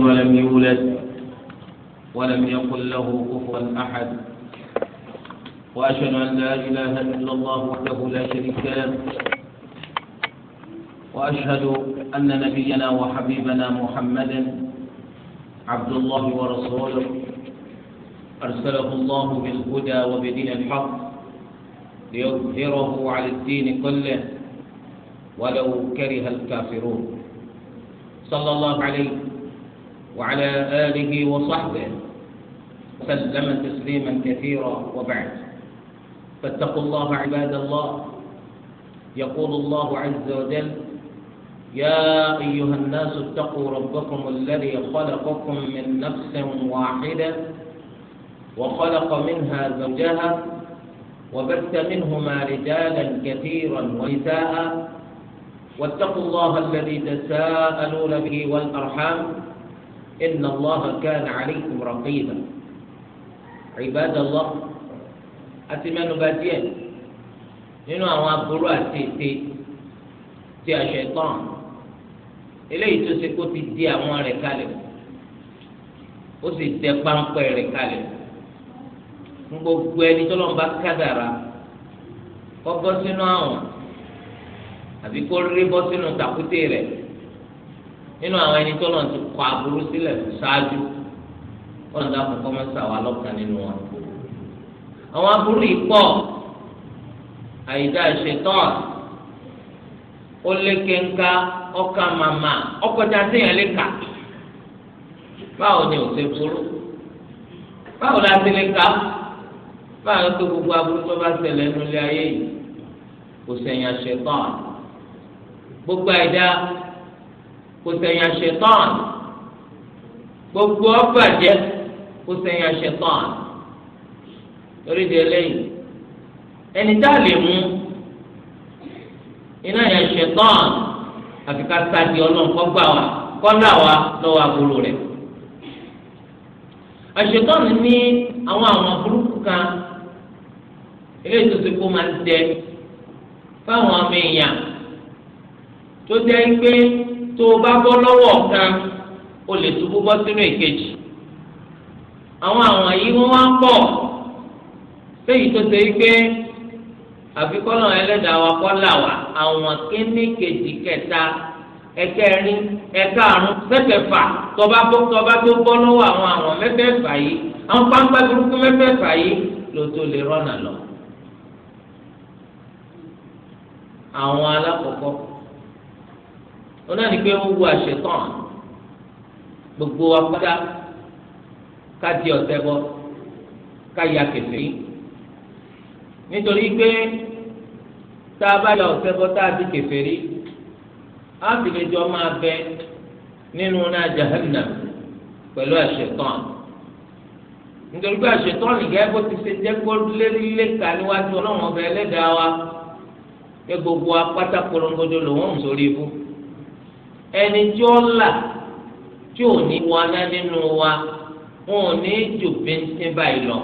ولم يولد ولم يقل له كفوا أحد وأشهد أن لا إله إلا الله وحده لا شريك له وأشهد أن نبينا وحبيبنا محمدا عبد الله ورسوله أرسله الله بالهدى وبدين الحق ليظهره على الدين كله ولو كره الكافرون صلى الله عليه وعلى آله وصحبه سلم تسليما كثيرا وبعد فاتقوا الله عباد الله يقول الله عز وجل يا أيها الناس اتقوا ربكم الذي خلقكم من نفس واحدة وخلق منها زوجها وبث منهما رجالا كثيرا ونساء واتقوا الله الذي تساءلون به والأرحام إن الله كان عليكم رقيبا عباد الله أتمنى باتين nínú àwọn aburú àti ète ti àṣetán eléyìí tó ṣe kó ti di àwọn rẹ̀ kalẹ̀ ó sì tẹ páńpẹ́ rẹ̀ kalẹ̀ gbogbo ẹni tó lọ́nba kádàrá kọ́ bọ́ sínú àwọn àbí kó rí bọ́ sínú tàkúté rẹ̀ nínú àwọn ẹni tó lọ́n ti kọ aburú sílẹ̀ fún ṣáájú wọ́n dá kó kọ́mọ́sà wà lọ́kàn nínú wọn. àwọn aburú yìí pọ̀ àyíká ìṣètọ́ ó lékè ńká ọkà màmá ọkọjà séèyàn lè kà báwo ni ò ṣe burú báwo la ti lè kà báwo tó gbogbo aburú tó bá ṣẹlẹ̀ nílé ayé yìí kò sẹ̀yìn àṣetọ́ gbogbo àyíká. kò sẹ̀yìn àṣetán gbogbo ọ̀bàjẹ́ kò sẹ̀yìn àṣetán torí di eléyìí ẹni tá a lè mú iná yẹn ṣetán àfi ká sáàdì ọlọ́run gbà wá wá lọ́wọ́ rẹ̀ àṣetán ní àwọn àwọn burúkú kan tó o bá bọ́ lọ́wọ́ kan o lè tún bọ́ sínú ìkejì àwọn àwọn yìí wọ́n wá ń pọ̀ léyìí tó ṣe é pé àfikọ́nà ẹlẹ́dàá wa kọ́ là wá àwọn kíní kejì kẹta ẹ̀kẹrin ẹ̀karùn mẹ́fẹ̀ẹ̀fà tọba bọ́ tọba tó bọ́ lọ́wọ́ àwọn àwọn mẹ́fẹ̀ẹ̀fà yìí àwọn pàǹpà burúkú mẹ́fẹ̀ẹ̀fà yìí ló tó lè rọ́nà lọ. àwọn alákọ̀ọ́kọ́ wọn náà ní pé ó wu àṣetán gbogbo apáta ká di ọ̀tẹ̀ bọ́ ká ya kẹfẹ́ nítorí pé tá a bá ya ọ̀tẹ̀ bọ́ tá a di kẹfẹ́ rí á sì lè jọ máa bẹ nínú náà jahannam pẹ̀lú àṣetán nítorí pé àṣetán nìkẹ́ bó ti ṣe jẹ́ kó lélílé ká níwájú ọlọ́run ọbẹ̀ ẹlẹ́dàá wa pé gbogbo apáta korongodo lòun ò sórí ibú ẹni tí ó là tí ò ní wa ná nínú wa wọn ò ní jù bíntín báyìí lọ.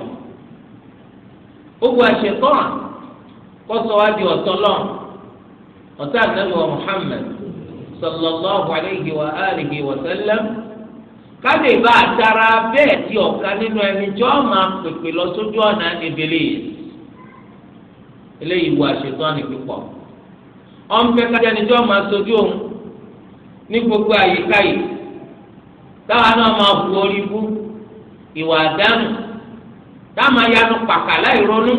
gbogbo àṣetán kọ́sọ́ wa di ọ̀tọ́ lọ ọ̀tá ànábì wa Muhammad sallallahu alayhi wa alihi wa sallam káde bá a tara nínú ẹni tí ó máa pèpè lọ sójú ọ̀nà ìbílẹ̀ eléyìí wo àṣetán ní pípọ̀ ọ̀npẹ́ kájẹ́ni tí ó máa sojú òun ní gbogbo àyíká yìí táwa náà máa hu orí bú ìwà àdánù táwa máa yanu pàkà láì ronú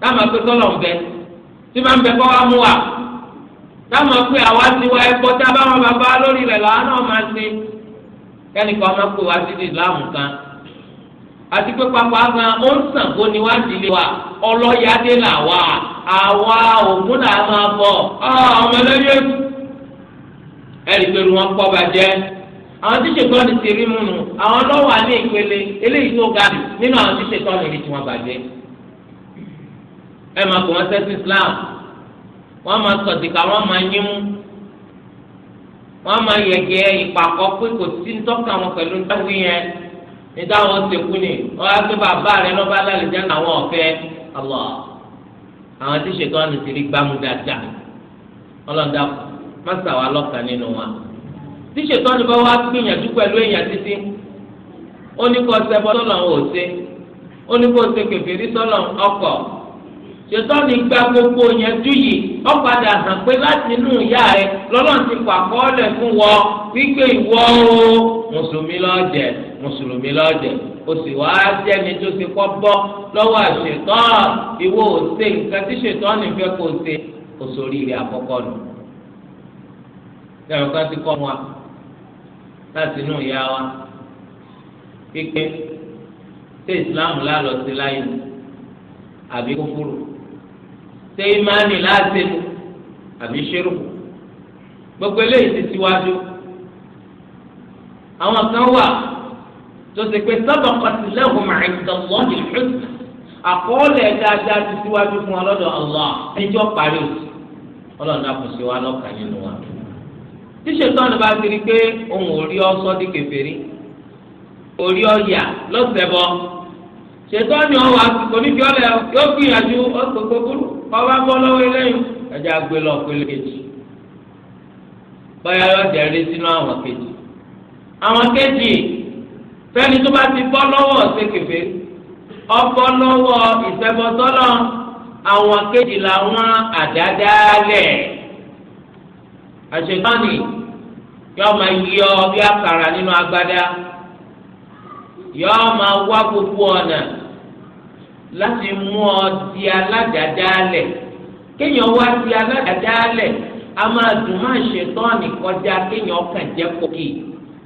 táwa máa pé tọ́lọ̀ ń bẹ tí máa ń bẹ kọ́ wa mú wa táwa máa pé àwa ti wá ẹ̀kọ́ tá a bá wọn bàbá lórí rẹ̀ làwa náà máa ṣe kẹ́nìkan máa pé wá sí Islam kan àti pé pápá gan ó ń sàn kó ni wá wa ọlọ́yàdé là wá àwa ògùn là máa ọmọ ẹlẹ́yẹ̀sì ẹ̀rí pẹ̀lú wọn kọ́ bàjẹ́ àwọn tí ṣètò ni ti rí mú nu àwọn lọ́wọ́ alẹ́ ìpele eléyìí tó ga nínú àwọn tí ṣètò ni rí tí wọ́n bàjẹ́ ẹ máa kó wọn sẹ́sìn Islam wọ́n máa sọ̀tìkà wọ́n máa yín mú wọ́n máa yẹ̀gẹ́ ìpàkọ́ pé kò sí ntọ́ka wọn pẹ̀lú ntọ́wí yẹn níta wọn sèkú ni wọ́n á gbé bàbá rẹ lọ́ba lálẹ́ jẹ́ àwọn ọ̀fẹ́ Allah àwọn tí ṣètò ni ti rí gbámú dáadáa ọlọ́dà kù mọ́sà wa lọ́kàn nínú wa tí ṣètọ́ni bá wá gbìyànjú pẹ̀lú èèyàn títí ó ní kó ṣẹbọ sọ́lọ̀ ò ṣe ó ní kó ṣe kèfèrí sọ́lọ̀ ọkọ̀ ṣètọ́ni gba gbogbo yẹn dú yìí ó padà hàn pé láti inú ìyá rẹ lọ́lọ́run ti kọ àkọọ́lẹ̀ fún wọ wípé ìwọ o mùsùlùmí lọ́jẹ̀ mùsùlùmí lọ́jẹ̀ o sì wá jẹ́ni tó ti kọ́ bọ́ lọ́wọ́ àṣetọ́ ìwọ ò ṣe nǹkan tí ṣètọ́ni fẹ́ kó ṣe òṣòrí rẹ̀ àkọ́kọ́ lẹ́yìn ọ̀ká ti kọ́ wa láti inú ìyá wa pípé ṣé ìsìláàmù lálọ́ sí láyé àbí kúfúrú ṣé ìmánì láti lù àbí ṣírù gbogbo eléyìí ti síwájú àwọn kan wà tó ṣe pé sábàkọ̀tì lẹ́hùn màìdàlọ́ ìlúṣẹ̀ àkọọ́lẹ̀ dáadáa ti síwájú fún ọlọ́dọ̀ Allah ẹjọ́ parí ọlọ́dọ̀ àkùnṣe wa lọ́kàn nínú wa tí ṣètọ́nù bá ti rí pé òun ò rí ọsọ di kèfèrí ò rí ọyà lọ́sẹ̀bọ ṣètọ́nù ọwọ́ àsìkò ní kíọ́lẹ̀ yóò gbìyànjú ọ̀sọ̀gbọ̀ burú ọba bọ́ lọ́wọ́ eléyìí ẹ̀jẹ̀ àgbẹ̀ lọ pélé kejì báyà yóò jẹ́ rí sínú àwọn kejì àwọn kejì fẹ́ni tó bá ti bọ́ lọ́wọ́ ọ̀sẹ̀ kèfèrí ọbọ̀ lọ́wọ́ ìṣẹ́bọ̀sọ́lọ́ àwọn kejì làwọn àdádálẹ̀ àṣetánì yóò máa yọ bí fara nínú agbada. yóò ma wá gbogbo ọ̀nà láti mú ọ di aládàádáálẹ̀ kéèyàn wá di aládàádáálẹ̀ a máa dùn máa ṣetánì kọjá kéèyàn kàn jẹ́ pòkì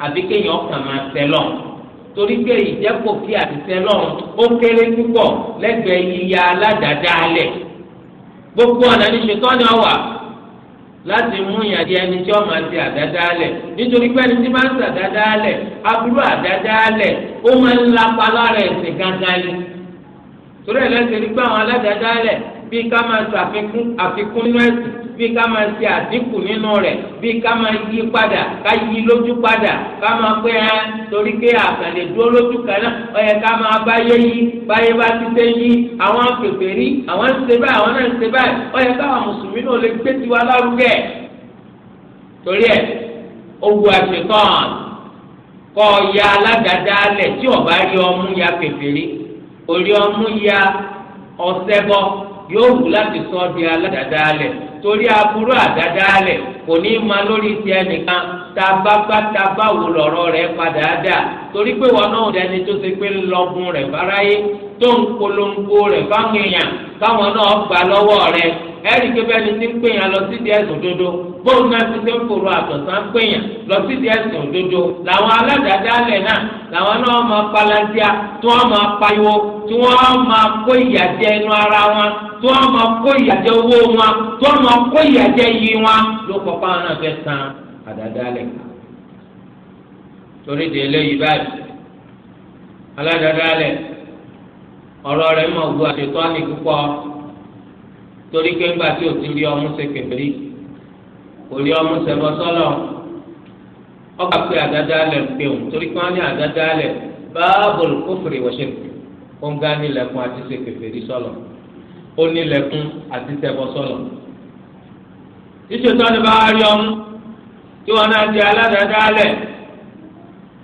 àbí kéèyàn kàn máa tẹ̀lọ̀ torí pé ìjẹ́pòkì àti tẹ̀lọ̀ ó kéré púpọ̀ lẹ́gbẹ̀ẹ́ yíya aládàádáálẹ̀ gbogbo ọ̀nà ni ṣetánì ó láti mú ìyàdí ẹni tí ó máa ti àdádálẹ̀ nítorí pé ẹni tí máa ń ti àdádálẹ̀ aburú àdádálẹ̀ ó máa ń lapa lára ẹ̀sìn gangan ni torí ẹ̀ lẹ́sìn rí pé àwọn aládàádálẹ̀ bíi ká máa ṣàfikún nínú ẹ̀sìn bí ká máa ṣe àdínkù nínú rẹ̀ bí ká máa yí padà ká yí lójú padà ká máa pé ẹ torí pé àkàlẹ̀ dúró lójú kan náà ó yẹ ká máa báyé yí báyé bá ti ṣe yí àwọn pèpè rí àwọn ṣe báyìí àwọn náà ṣe báyìí ó káwọn mùsùlùmí náà lè gbé tiwa lárugẹ torí ẹ owó àṣetán kọ ya aládàáda lẹ tí ọba rí ọmú ya pèpè rí orí ọmú ya ọsẹ bọ yóò wù láti sọ di aládàáda lẹ torí aburú àdádálẹ̀ kò ní í ma lórí ti ẹnìkan tabagbataba wò lọ́rọ̀ rẹ̀ padà dà torí pé wọn náà dẹni tó ṣe pé ńlọgun rẹ̀ fáráyé tó ń polongo rẹ̀ fáwọn èèyàn káwọn náà gbà lọ́wọ́ rẹ̀ ẹ̀rí pé bẹ́ẹ̀ ni ti ń pèèyàn lọ di ẹ̀sùn òdodo bóun náà ti ṣe ń fòrò àtọ̀sán pèèyàn lọ di ẹ̀sùn òdodo làwọn aládàádálẹ̀ náà làwọn náà máa palantia tí wọ́n máa pariwo tí wọ́n máa kó ara wọn tí wọ́n máa kó ìyàjẹ owó wọn tí wọ́n máa kó wọn ọ̀rọ̀ rẹ̀ mọ̀ gbọ́ àṣetọ́ ní púpọ̀ torí pé ńgbà tí o ti rí ọmú ṣe kẹfìrí kò rí ọmú ṣẹbọ sọlọ ọkà pé àdáda alẹ ń pè òun torí pé wọn ní àdáda alẹ báàbòlù kófìrí wọṣẹ ó ń gá nílẹ̀kùn àti ṣe kẹfìrí sọlọ ó nílẹ̀kùn àti ṣẹbọ sọlọ. ìṣètò ni bá rí ọmú tí wọn náà di aládàáda alẹ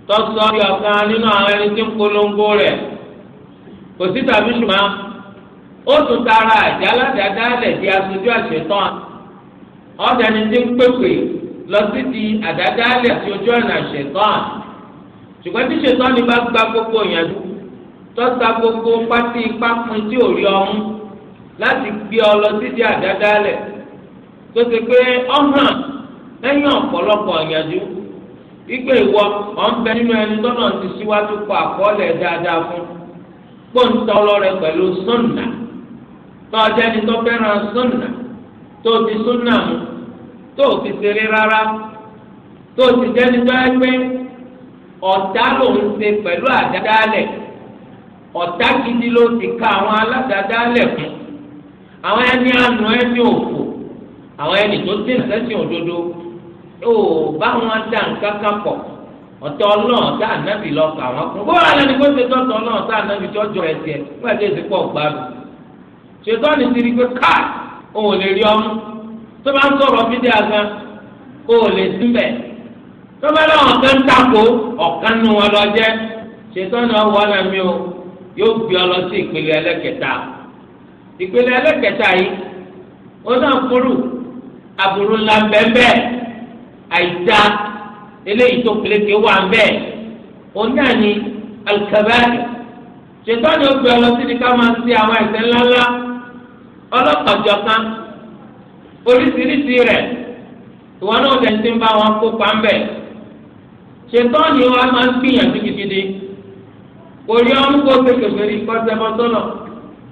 tọ́sọ́ yọ̀kan nínú àwọn ẹni tí ń polongo rẹ̀. kò sí tàbí ṣùgbọ́n ó tún tara àjà aládàádáálẹ̀ di aṣojú àṣetán ti ń pèpè lọ sí di sí ojú ọ̀nà àṣetán ṣùgbọ́n tí ṣetán ni bá gba gbogbo gbogbo pátí tí ò rí láti gbé ọ lọ sí di àdádáálẹ̀ tó ṣe pé ọ̀hàn lẹ́yìn ọ̀pọ̀lọpọ̀ ìyànjú wípé ìwọ nínú ẹni tọ́nà pọ́ńtọ́lọ́ rẹ pẹ̀lú sunna tọ́jà ni tó fẹ́ràn tó ti sọ́nà mu tó ti ṣeré rárá tó ti jẹ́ni tó ọ̀tá ló ń pẹ̀lú àdádálẹ̀ ọ̀tá ló ti ka àwọn aládàádálẹ̀ fún àwọn ẹni àná ẹni òfò àwọn ẹni tó ti ń sẹ́sìn òdodo ó bá wọn ọ̀tọ̀ náà tá ànábì lọ kà wọ́n kún. bó wà lẹ́nu pé ṣètò náà tá tí ọjọ́ rẹ̀ tiẹ̀ fún ẹ̀jẹ̀ ìsìnkú ọ̀gbádùn. ṣètò ọ̀nì ti ri pé káà òun ò lè rí ọmú tó bá ń sọ̀rọ̀ lè síbẹ̀ tó bá lọ́wọ́ tako ọ̀kan wọn lọ jẹ́ ṣètò ọ̀nà eléyìí tó pélékè wà ń bẹ́ẹ̀ òun náà ni alukabari ṣètò ni ó gbé ọlọsí ni ká máa ṣe àwọn ẹ̀ṣẹ̀ ńláńlá ọlọ́kànjọ̀kan oríṣiríṣi rẹ̀ ìwọ náà tẹ̀ ti ń bá wọn kópa ń bẹ̀ ṣètò ni wọn máa ń gbìyànjú gidigidi kò rí ọmú kó ṣe kèfèrí kó ṣe bọ́ sọ́nà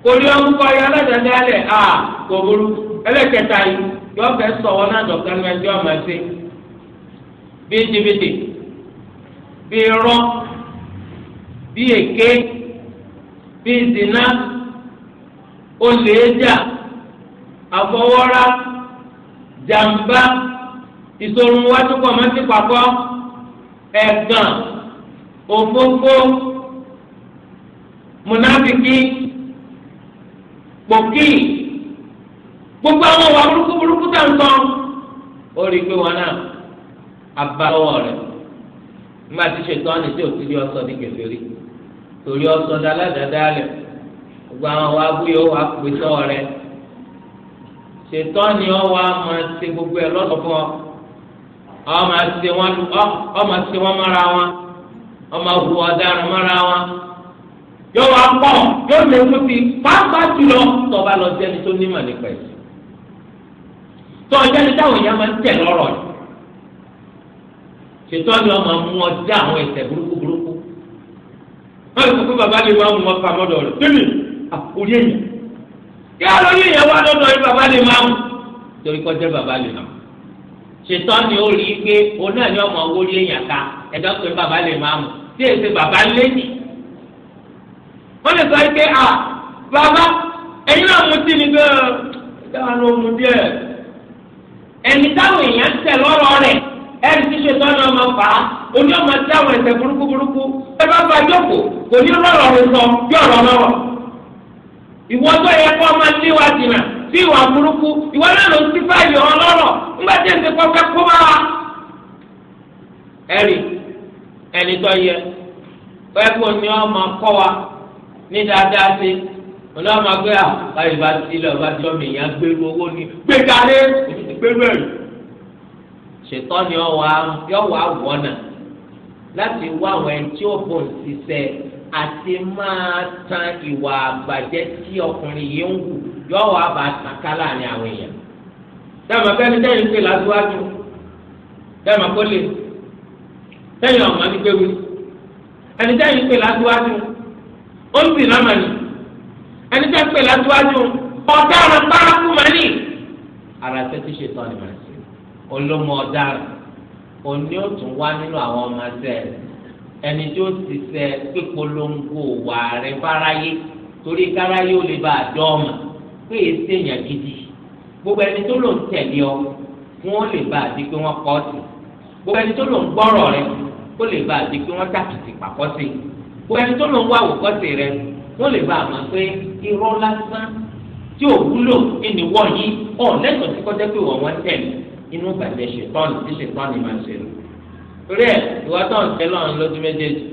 kò rí ọmú kó ayé alájàdálẹ̀ à kò burú ẹlẹ́kẹta yìí yọ fẹ́ náà dọ̀kan bí jìbìtì bí irọ́ bí èké bí zina olè jà àfọwọ́rá jàmbá ìsorun wájú pọ̀ mọ́ sí papọ̀ ẹ̀gàn òfófó mùnáfìkì pòkì gbogbo àwọn wà burúkú burúkú tàǹtàn ó rí i pé wọn náà. abalọwọ rẹ nígbà tí ṣètọ́ni tí òtún rí ọsọ ní kẹfẹ́rí torí ọsọ dáadáa rẹ gbogbo àwọn wa bú yóò wá pè sọ rẹ ṣètọ́ni ọwọ́ gbogbo ọ ma máa wọn wọn ọ ma hu ọ̀daràn wọn yóò wá yóò lè mú ti jùlọ lọ tó nípa táwọn máa ń ṣètò ni wọn máa mú wọn dá àwọn ẹsẹ̀ burúkú burúkú wọn lè sọ pé bàbá lè máa mú wọn pamọ́ dọ̀ rẹ̀ tẹ́lẹ̀ àkórí ẹ̀yìn kí á lórí ìyẹn wá lọ́dọ̀ yìí bàbá lè máa mú torí kọ́ jẹ́ bàbá lè máa mú ṣètò ni ó rí i pé òun náà ni wọn máa wọlé èèyàn ká ẹ̀dá pé bàbá lè máa mú tí èsì bàbá lẹ́yìn wọn lè sọ pé à bàbá ẹ̀yin náà mú tí ni bẹ́ẹ̀ dáhùn ọmọdé ẹni táwọn ẹni tí ṣe tọ́nà ọmọ fà á oní ọmọ tí àwọn ẹ̀ṣẹ̀ burúkú burúkú ẹ bá bá jókòó kò ní rọrọ̀ rẹ sọ bí ọ̀rọ̀ lọ́rọ̀ ìwọ tó yẹ kó ọmọ ilé wa dìnnà sí ìwà burúkú ìwọ náà ló ń ti báyìí ọ̀rọ̀ lọ́rọ̀ ńgbà tí èsì kọ́ fẹ́ kó bá wa. ẹ̀rì ẹni tó yẹ pé kó ní ọmọ kọ́ wa ní dáadáa sí oní ọmọ gbé à báyìí bá ti lọ bá jọ mi ìyá gbèrú owó ni gbé kalẹ̀ gbèrú ṣètọ́ ni yọ wá wọ̀nà láti wá àwọn ẹni tí ó bò ń ṣiṣẹ́ àti máa tan ìwà àgbàjẹ́ tí ọkùnrin yìí ń wù yọ wá bá tàkà láàrin àwọn èèyàn. dáàmà kẹ́ni tẹ́yìn ń pè lásìwájú dáàmà kó lè tẹ́yìn ọ̀mọ́ ní pé wí ẹni tẹ́yìn ń pè lásìwájú ó ń bì náà mà ní ẹni tẹ́yìn ń pè lásìwájú ọ̀daràn bárakú mà ní. ara ṣe ti ṣe tán ni màá ṣe olómọ ọ̀daràn òní ó tún wá nínú àwọn ọmọ ẹsẹ̀ rẹ̀ ẹni tó ti sẹ pípolongo wà rẹ̀ fáráyé torí káráyé ó lè bá àdọ́ ọmọ pé èsì èèyàn gidi gbogbo ẹni tó lò ń tẹ̀lé ọ wọn ó lè bá àdí pé wọ́n kọ́ sí gbogbo ẹni tó lò ń gbọ́rọ̀ rẹ̀ ó lè bá àdí pé wọ́n dàkìtì pàkọ́ sí gbogbo ẹni tó lò ń wá àwòkọ́sí rẹ̀ wọ́n lè bá àmọ́ pé irọ́ lásán tí ò ẹni wọ̀nyí ọ̀ lẹ́sọ̀ọ́ sí kọ́jẹ́ pé wọ́n wọ́n tẹ̀lé inú bàjẹ́ ṣètọ́nù tí ṣètọ́nù máa ṣe lò torí ẹ ìwà tó ń tẹ lọ́run lójú méjèèjì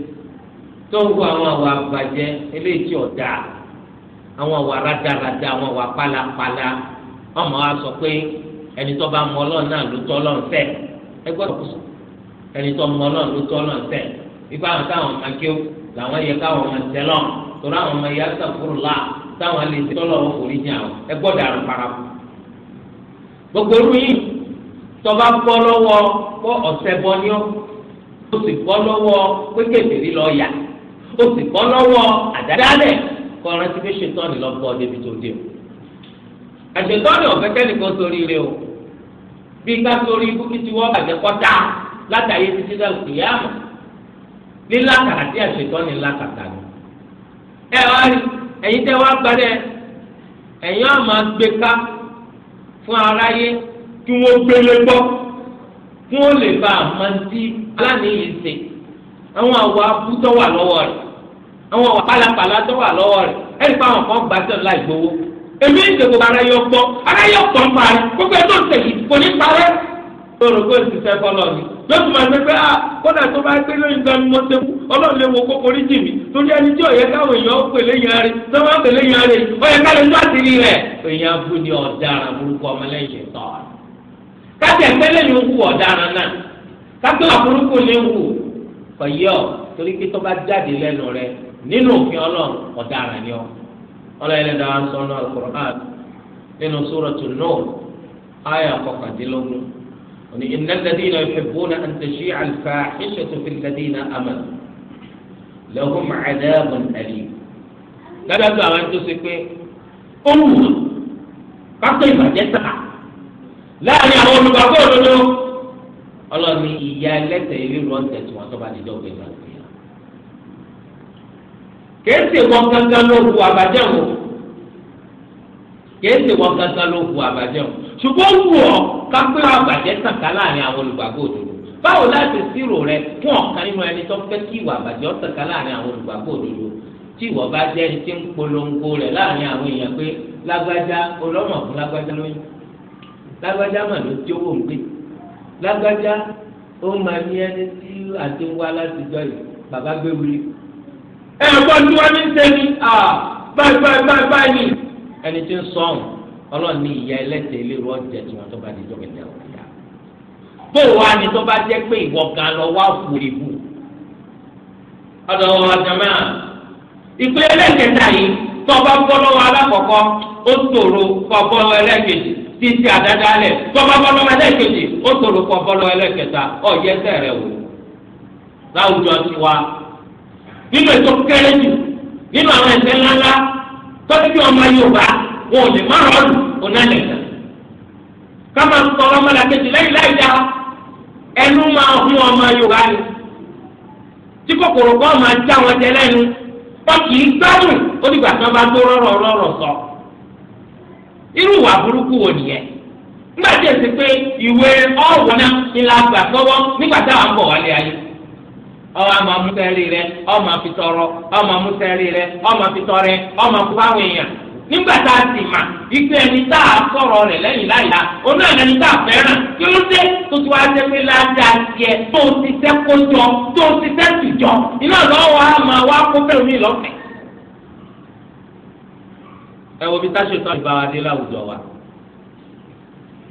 tó ń wo àwọn àwà bàjẹ́ eléyìí tí ọ̀dà àwọn àwà rádaràda àwọn àwà pálapàla ọmọ wa sọ pé ẹni tó bá mọ ọlọ́run náà ló tọ́ ọlọ́run fẹ́ ẹ gbọ́dọ̀ kó sọ ẹni tó mọ ọlọ́run ló tọ́ ọlọ́run fẹ́ ipa àwọn táwọn máa kí ó làwọn yẹ káwọn máa tẹ lọ́run torí àwọn ọmọ ìyá sàfúrù là táwọn lè tọ́lọ̀ òfòrí ní àwọn ẹ gbọ́dọ̀ àrùn paraku gbogbo irú yìí tọba gbọ́ lọ́wọ́ kó ọ̀sẹ̀ bọ́ ní ọ́ ó sì gbọ́ lọ́wọ́ pé kébìrì lọ yà ó sì gbọ́ lọ́wọ́ àdádálẹ̀ kọ́ rántí pé ṣètọ́ni lọ bọ́ débi tó dé o. àṣetọ́ni ọ̀fẹ́ kẹ́nìkan sórí rẹ o bí ká sórí ikú kí ti wọ́ bàjẹ́ kọ́tà látàyè títí dá ìyáàmù lílàkàrà tí àṣetọ́ni lákàtà ni. ẹ wá rí ẹ̀yin tẹ́ wá gbadẹ ẹ̀yin ọ̀ gbé ká fún aráyé kí wọ́n gbélé gbọ́ kí wọ́n lè bá àmọ́ntí aláníyìí ṣe àwọn àwọ̀ abútọ́ wà lọ́wọ́ rẹ̀ àwọn àwọ̀ pálapàla tó wà lọ́wọ́ rẹ̀ ẹ̀rí pa àwọn kan gbà sẹ́nu láì gbowó èmi ń dèbò ara yọ pọ̀ ara yọ pọ̀ ń parí gbogbo ẹ̀ tó ń tẹ̀yìn kò ní parẹ́ lórí kó èsì fẹ́ kọ́ lọ́ọ̀ni yóò tún máa ṣe pé ah kódà tó bá gbé lóyún gan mo ṣe kú ọlọ́run lè wo kókó orí jì mí torí ẹni tí ọ̀yẹ́ káwọn èèyàn ó pèlè yẹn rí tó máa ń pèlè yẹn rí ọ̀yẹ́ káwọn èèyàn á ti rí rẹ̀ èèyàn abúlé ọ̀daràn burúkú ọmọlẹ́yìn tọ́ọ̀rọ̀ kájà ìpẹ́lẹ̀ ni ó wù ọ̀daràn náà kápẹ́ àbúrúkú ni ó wù kọ̀yọ́ torí pé tó bá jáde lẹ́nu rẹ nínú òfin ọlọ́run ọ̀daràn ni ọ ọlọ́run ẹ̀dá wa ń sọ ọ́nà alukur'an nínú sóràtù Nur ayà kọkàndínlógún òní iná ladina yuhibbuna an tashia al-fahishatu fil ladina amanu lahum adabun alim dáadáa tó àwọn tó ṣe pé ó wù kápẹ́ ìbàjẹ́ sáà láàrin àwọn olùgbàgbọ́ òdodo ọlọ́ni ìyá ẹlẹ́sẹ̀ ríro ọ̀tẹ̀ tí wọ́n tó bá ti dọ̀ gbẹ̀gbẹ̀ àti ìyá. kìí ṣe wọn gangan ló hu àbàjẹ́ wò kìí ṣe wọn gangan ló hu àbàjẹ́ wò ṣùgbọ́n wù ọ́ ká pé àbàjẹ́ tàn ká láàrin àwọn olùgbàgbọ́ òdodo báwo láti ṣírò rẹ fún ọ̀kan nínú ẹni tó fẹ́ kí ìwà àbàjẹ́ ọ̀tàn láàrin àwọn olùgbàgbọ́ òdodo tí ìwọ bá jẹ́ ẹni ń polongo rẹ̀ láàrin àwọn èèyàn pé lágbájá olọ́mọ̀ fún lágbájá lóyún lágbájá mà ló tí owó ń gbé lágbájá ó máa ní ẹni tí àti ń wá láti jọ yìí bàbá gbé wuli. ẹ ní wọ́n ní sẹ́ni à báyìí báyìí báyìí báyìí ẹni tí ń sọ̀n ọlọ́run ní ìyá tí ni tó bá pé ìwọ gan lọ wá bù. ọ̀dọ̀ ìpínlẹ̀ yìí lọ́wọ́ alákọ̀ọ́kọ́ ó kọ́ bọ́ tí ń ti àdáda lẹ̀ tọ́ba bọ́lọ́wọ́ ẹlẹ́kejì ó tòrò kọ́ bọ́lọ́wọ́ ọ yẹ sẹ̀rẹ̀ wò láwùjọ ti wa nínú ètò kẹrẹ jù nínú àwọn ẹ̀ṣẹ̀ ńláńlá tọ́jú ọmọ Yorùbá wọn ò lè má rọrùn lẹ́yìn láì ọmọ Yorùbá bá sọ. So. irú ìwà burúkú wo nìyẹn nígbà tí èsì pé ìwé ọ̀wọ́ náà ni la gbà sọ́wọ́ nígbà táwọn ń bọ̀ wálé ayé ọmọ àmọ amúsẹ́rì rẹ ọmọ ọ ọmọ amúsẹ́rì rẹ ọmọ àfitọ́rẹ ọmọ àfúbáwọ̀ èèyàn nígbà tá a sì mà ike ẹni tá a sọ̀rọ̀ rẹ̀ tá a fẹ́ràn kí ló dé ti wá jẹ́ pé tó ti a ẹ wo bí táṣe tó àgbà wa dé láwùjọ wa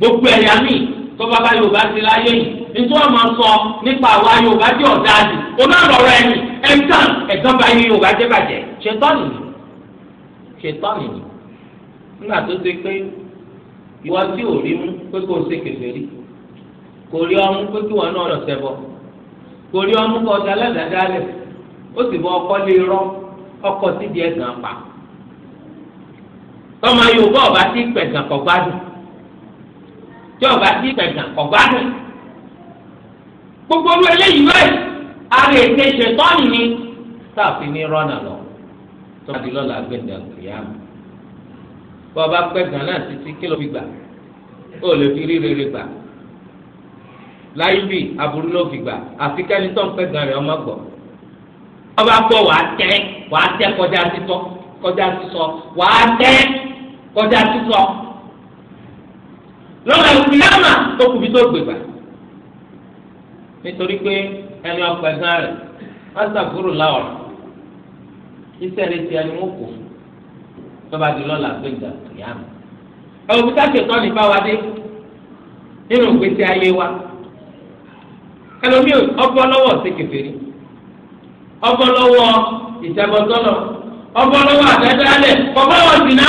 gbogbo ẹ̀yà míì tó bàbá yorùbá ti láyé yìí nítorí wọn máa sọ nípa àwa yorùbá ọ̀dà àdì ẹni ẹ̀ńtàn bá yorùbá jẹ́ bàjẹ́ ni ṣètọ́nì ni nígbà tó ṣe pé ìwọ tí ò rí mú pé kò ṣe kèfèrí kò rí ọmú pé kí wọn náà lọ ṣẹbọ kò rí ọmú ọkọ lè rọ tọ́mọ yorùbá ọba ti pẹ̀gàn kọ́ gbádùn tí ọba ti pẹ̀gàn kọ́ gbádùn gbogbo olú eléyìí báyìí ara ètè ṣètọ́nì ni táàfin ní rọ́nà lọ tó bá di lọ́la gbẹ̀dẹ̀ kìyàmù bọ́ ọba pẹ̀gàn náà títí kí ló fi gbà ó lè fi rí rere gbà láyé bíi aburú ló fi gbà àfi kẹ́ni tó ń rẹ̀ ọmọ gbọ̀ ọba gbọ́ wàá tẹ́ wàá tẹ́ kọjá sísọ kọjá sísọ wàá tẹ́. kọjá ọ lọ́wọ́ ẹ̀kú tó kù tó gbègbà nítorí pé ẹni ọ̀pẹ̀ gan rẹ̀ wọ́n ṣàkúrò láwọ̀ iṣẹ́ rẹ̀ ti ẹni wọ́n tọ́ba di lọ́la tó ìgbà yáàmà ẹ̀wọ̀kúta ní nínú ayé wa ẹlòmíì ọbọ ṣe ọbọ ọbọ ọbọ sínú.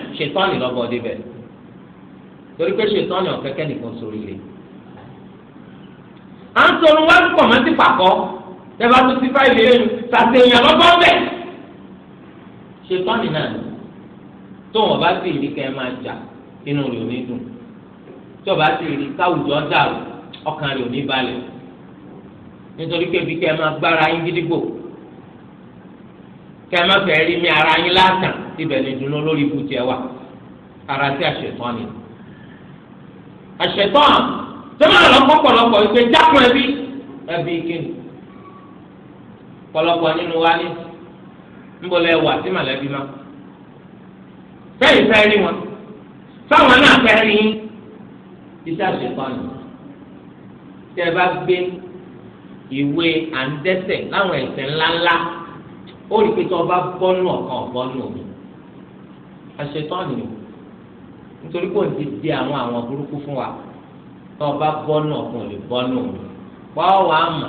ṣètọ́nì lọ́bọ̀ débẹ̀ torí pé ṣètọ́nì ọ̀kẹ́kẹ́ nìkan sórí ilé. à ń sọ̀rọ̀ wá púpọ̀ mọ́ sí pàkọ́ tẹ́fà tó ti fà ìlérè nu sàṣeyàn lọ́bọ̀ bẹ̀. ṣètọ́nì náà tó wọn bá sì rí kẹ́ ẹ máa jà inú rẹ̀ ò ní dùn tí wọn bá sì rí káwùjọ dàrú ọkàn rẹ̀ ò ní balẹ̀ nítorí pé ibi kẹ́ ẹ máa gbára yín gídígbò kẹ ẹ má fẹ́ rí mi ara yín látàn ibẹ̀ ni dunu lórí ikú tiẹ̀ wà ara sí àṣetán ni àṣetán tẹ́lẹ̀ àlọ́ pọ̀pọ̀lọpọ̀ ìpè jákun ẹbí ẹbí kíni pọ̀lọpọ̀ nínú wa ní nbọ̀lẹ̀ wà sí màlẹ́bí ma sẹ́yìn fẹ́ rí wọn sáwọn náà fẹ́ rí yín iṣẹ́ àṣetán ni tẹ́ bá gbé ìwé à láwọn ẹ̀ṣẹ̀ ńláńlá. ó rí pé tí wọn bá ọ̀kan ọ̀bọ́nù omi àṣetọ́ni o nítorí ti di àwọn àwọn burúkú fún wa tí wọn bá bọ́nù ọ̀kan ò lè bọ́nù omi wọ́n wà á mà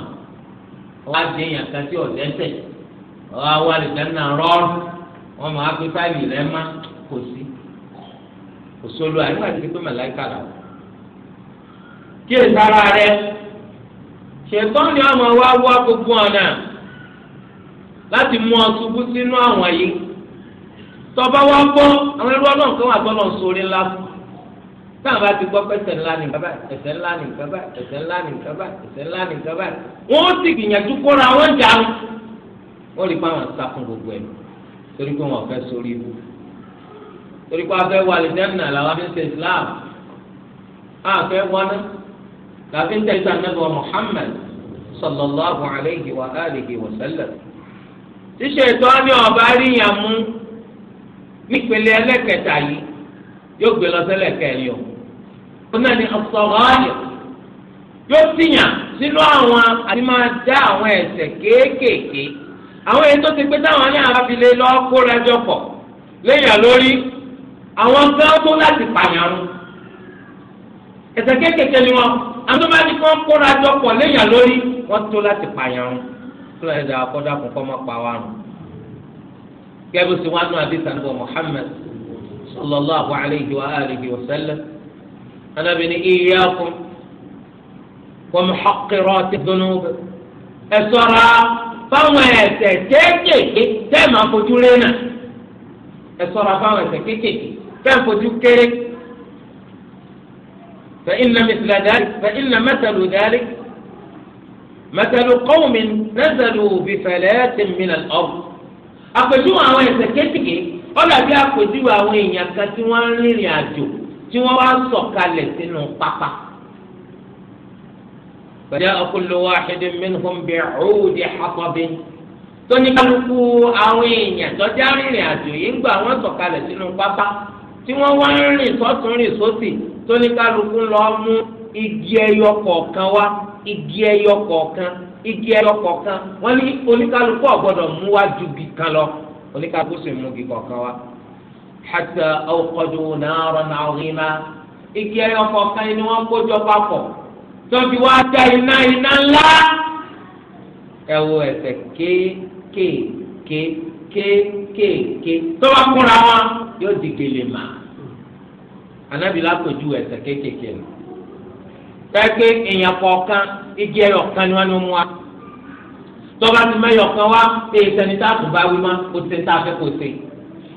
wọ́n á di èèyàn kan sí náà rọ́ọ̀rù wọ́n fáìlì rẹ̀ má kò sí kò sólù àyíká ti ọmọ wá gbogbo ọ̀nà. láti mú ọ ṣubú sínú àwọn yìí tọba wa gbọ́ àwọn ẹrú Ọlọ́run kan wà gbọdọ sórí ńlá fún táwọn bá ti gbọ́ pé ẹ̀ṣẹ̀ ńlá ní bàbá ẹ̀ṣẹ̀ ńlá ní bàbá ẹ̀ṣẹ̀ ńlá ní bàbá ẹ̀ṣẹ̀ ńlá ní bàbá wọn ó sì gbìyànjú kóra wọn jà ń wọn rí i pé àwọn sá fún gbogbo ẹ torí pé wọn fẹ́ sórí ibu torí pé afẹ́ wà lẹ́nà làwọn fi ń ṣe Islam afẹ́ wọnà làfi ń tẹ̀sán náà wọ Muhammad sallallahu alayhi wa alihi wa sallam ṣíṣe ètò ọ́nì ọba ríyàn mú nípele ẹlẹ́kẹta yìí yóò gbé lọ sẹ́lẹ̀ kẹrin o ó náà ní ọ̀sọ̀rọ̀ ọ̀nì yóò tìyàn sínú àwọn àti máa dá àwọn ẹ̀ṣẹ̀ kéékèèké àwọn èyí tó ti pé táwọn ní àwọn abilé lọ kó rẹjọ pọ̀ léèyàn lórí àwọn gán tó láti pààyàn rún ẹ̀ṣẹ̀ kéékèèké ni wọn àwọn tó bá ní kó kó rẹjọ pọ̀ léèyàn lórí wọn tó láti pààyàn rún. kílọ̀ da akọ́dá kún ma pa wa nù. gẹ́gẹ́ si wàá nù àbí sani bọ̀ Muhammad sallallahu alayhi wa alihi wa sallam anabi ni kò iyyakum wa muhaqqirati dhunub ẹ ṣọ́ra fáwọn ẹ̀ṣẹ̀ kéékèèké tẹ́ máa fojú lé na ẹ ṣọ́ra fáwọn ẹ̀ṣẹ̀ kéékèèké tẹ́ máa fojú kéré. فإن مثل ذلك فإن مثل ذلك mẹtẹlu kọ́ọ̀mì nẹ́sẹ̀lú fìfẹ̀lẹ́tì mìíràn ọ̀hún. àpèjúwe àwọn ẹ̀sẹ̀ kéékèèké ọ̀làbí àpèjúwe àwọn èèyàn kan tí wọ́n ń rìnrìn àjò tí wọ́n wá sọ̀kalẹ̀ sínú pápá. فجاء كل واحد منهم بعود حطب tóníkálukú àwọn èèyàn tọ́jà rìnrìn àjò yìí ń gbà wọ́n sọ̀kalẹ̀ sínú pápá tí wọ́n wá ń rìn sọ́tún rìn sósì tóníkálukú lọ́ọ́ mú igi ẹyọ kọ̀ọ̀kan wá igi ẹyọ kọ̀ọ̀kan igi ẹyọ kọ̀ọ̀kan wọ́n ní oníkálukú ọ̀gbọ́dọ̀ mú wá ju kan lọ oníkálukú sì mú bì wá. hatta awqadu naran azima igi ẹyọ kọ̀ọ̀kan ni wọ́n kójọ papọ̀ tọ́jú wá dá iná iná ńlá. ẹ wo kéékèèké kéékèèké tó bá kúra wọn yóò di mà. kéékèèké lọ. pẹ́ẹ́pẹ́ èèyàn kọ̀ọ̀kan igi ẹyọ kan ni wọ́n ní mú wa tọ́ba ti mẹ́yọ̀ kan wá èyí sẹ́ni tá a tún bá wí mọ́ kò sí tá a fẹ́ kò sí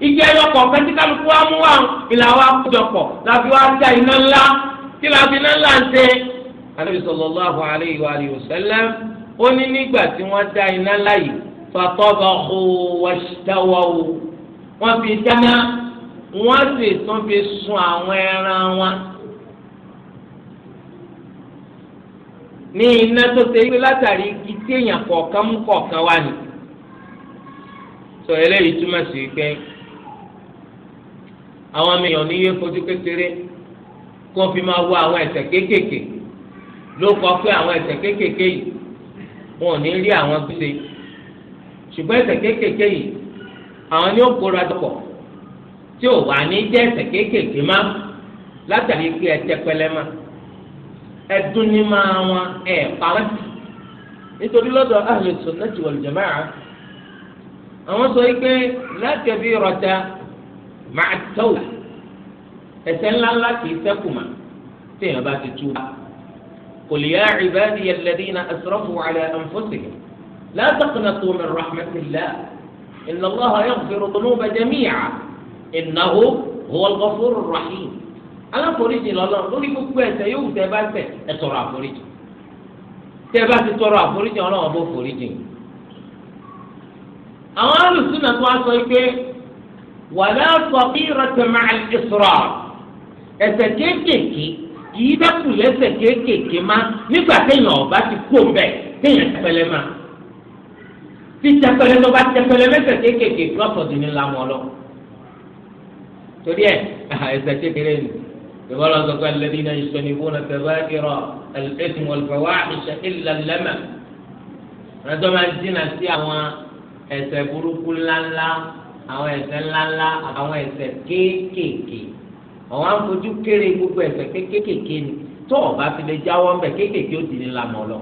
igi ẹyọ kọ̀ọ̀kan tí kálukú wa mú wa ìlà wa kójọpọ̀ láfi wá já iná ńlá kí láfi iná ńlá ń ṣe. Ànábì sallallahu alayhi wa alihi wa sallam ó ní nígbà tí wọ́n dá iná ńlá yìí fatọ́bọ̀kú wàṣídáwọ́wò wọ́n fi dáná wọ́n sì tún fi sun àwọn ẹran wọn ní iná tó ṣe wípé látàrí igi tí èèyàn kọ̀ọ̀kan mú kọ̀ọ̀kan wá sọ eléyìí túmọ̀ sí pé àwọn èèyàn fojú kékeré kó fi máa wọ àwọn ẹ̀ṣẹ̀ kéékèèké ló kọ pé àwọn ẹ̀ṣẹ̀ kéékèèké yìí wọn ò ní rí àwọn gbèsè ṣùgbọ́n ẹ̀ṣẹ̀ kéékèèké yìí àwọn ni ó kóra dọ̀pọ̀ tí ò wà ní jẹ́ kéékèèké má látàrí pé ẹdún ní máa wọn ẹ parẹ́ nítorí lọ́dọ̀ ahlu sunnati wal jama'a àwọn sọ wípé látẹ̀bí rọta máa tọ́wà ẹ̀ṣẹ̀ ńlá ńlá kì kì í ṣẹ́kù mà ti téèyàn bá ti tú. yá le ya ibadiya alladhina asrafu ala anfusihim la taqnatu tó rahmatillah inna allaha yaghfiru dhunuba jami'a innahu huwa al-ghafurur rahim. aláforíjì lọ́nà lórí gbogbo ẹ̀ṣẹ̀ yóò wù tẹ́ bá ẹ tọrọ àforíjì bá ti tọrọ àforíjì bó foríjì. àwọn alùsùn náà tó wá sọ pé kéékèèké kìí kéékèèké má nígbà téèyàn ọba ti kó téèyàn tẹpẹlẹ má tí tẹpẹlẹ tẹpẹlẹ kéékèèké ní lọ torí kékeré nìyí. ìwọ́n lọ sọ̀kọ́ ẹlẹ́dí náà yìí sọ̀nì fún ẹ̀fẹ̀fẹ̀ ìrọ̀ ẹ̀sìn wọ̀lùfẹ̀wá ìṣe ìlẹ̀lẹ́mẹ̀. ẹ̀dọ́ máa ń dínà sí àwọn ẹ̀ṣẹ̀ burúkú ńláńlá àwọn ẹ̀ṣẹ̀ ńláńlá àwọn ẹ̀ṣẹ̀ kéékèèké. ọ̀wọ́n á fojú kéré gbogbo ẹ̀ṣẹ̀ kéékèèké ni tó ọ̀bá fi lè jáwọ́ ńbẹ̀ kéékèèké ó di ní lamọ̀ lọ.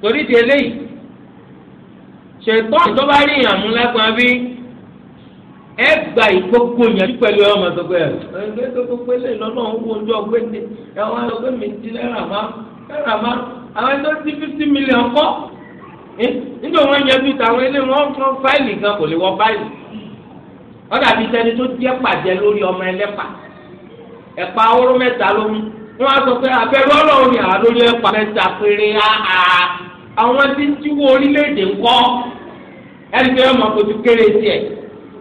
torí di eléyìí ṣètò ìjọba rí ìyàmú lẹ́gbọ̀n bíi ẹ gba ìgbógbó yẹn pẹ̀lú ẹ ọmọ sọgbẹ́ ẹ. ẹgbẹ́ tó gbogbo eléyìí lọ́nà owó ojú ọgbẹ́ ní ẹ̀wọ̀n ẹgbẹ́ mi ti náírà má náírà má àwọn fifty million kọ́ nígbà wọn yẹn bí tàwọn eléyìí wọn fún fáìlì gan kò lè wọ tó lórí ọmọ ló mú sọ pé ni àwọn lórí péré àwọn ń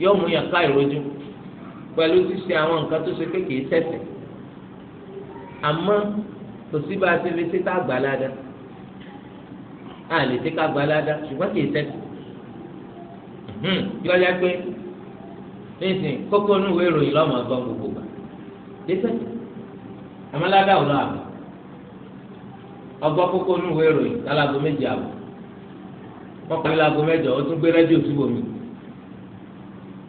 yóò mú yàn ká ìrojú pẹ̀lú ṣíṣe àwọn nǹkan tó ṣe kékeré tẹ̀sẹ̀ àmọ́ kò sí bá a ṣe lè ṣe ká gbalada a lè ṣe ká gbalada ṣùgbọ́n kì í tẹ̀sẹ̀ hmm, yọ ya pé nísìnyí kókó inú ìwé ìròyìn lọ́mọ ọgbọ́n gbogbo gbà dẹ́sẹ̀ àmàládà ò lọ àbọ̀ ọgbọ́n kókó inú ìwé ìròyìn lálago méje àbọ̀ wọ́n parí láago tún gbé rẹ́díò síbòmí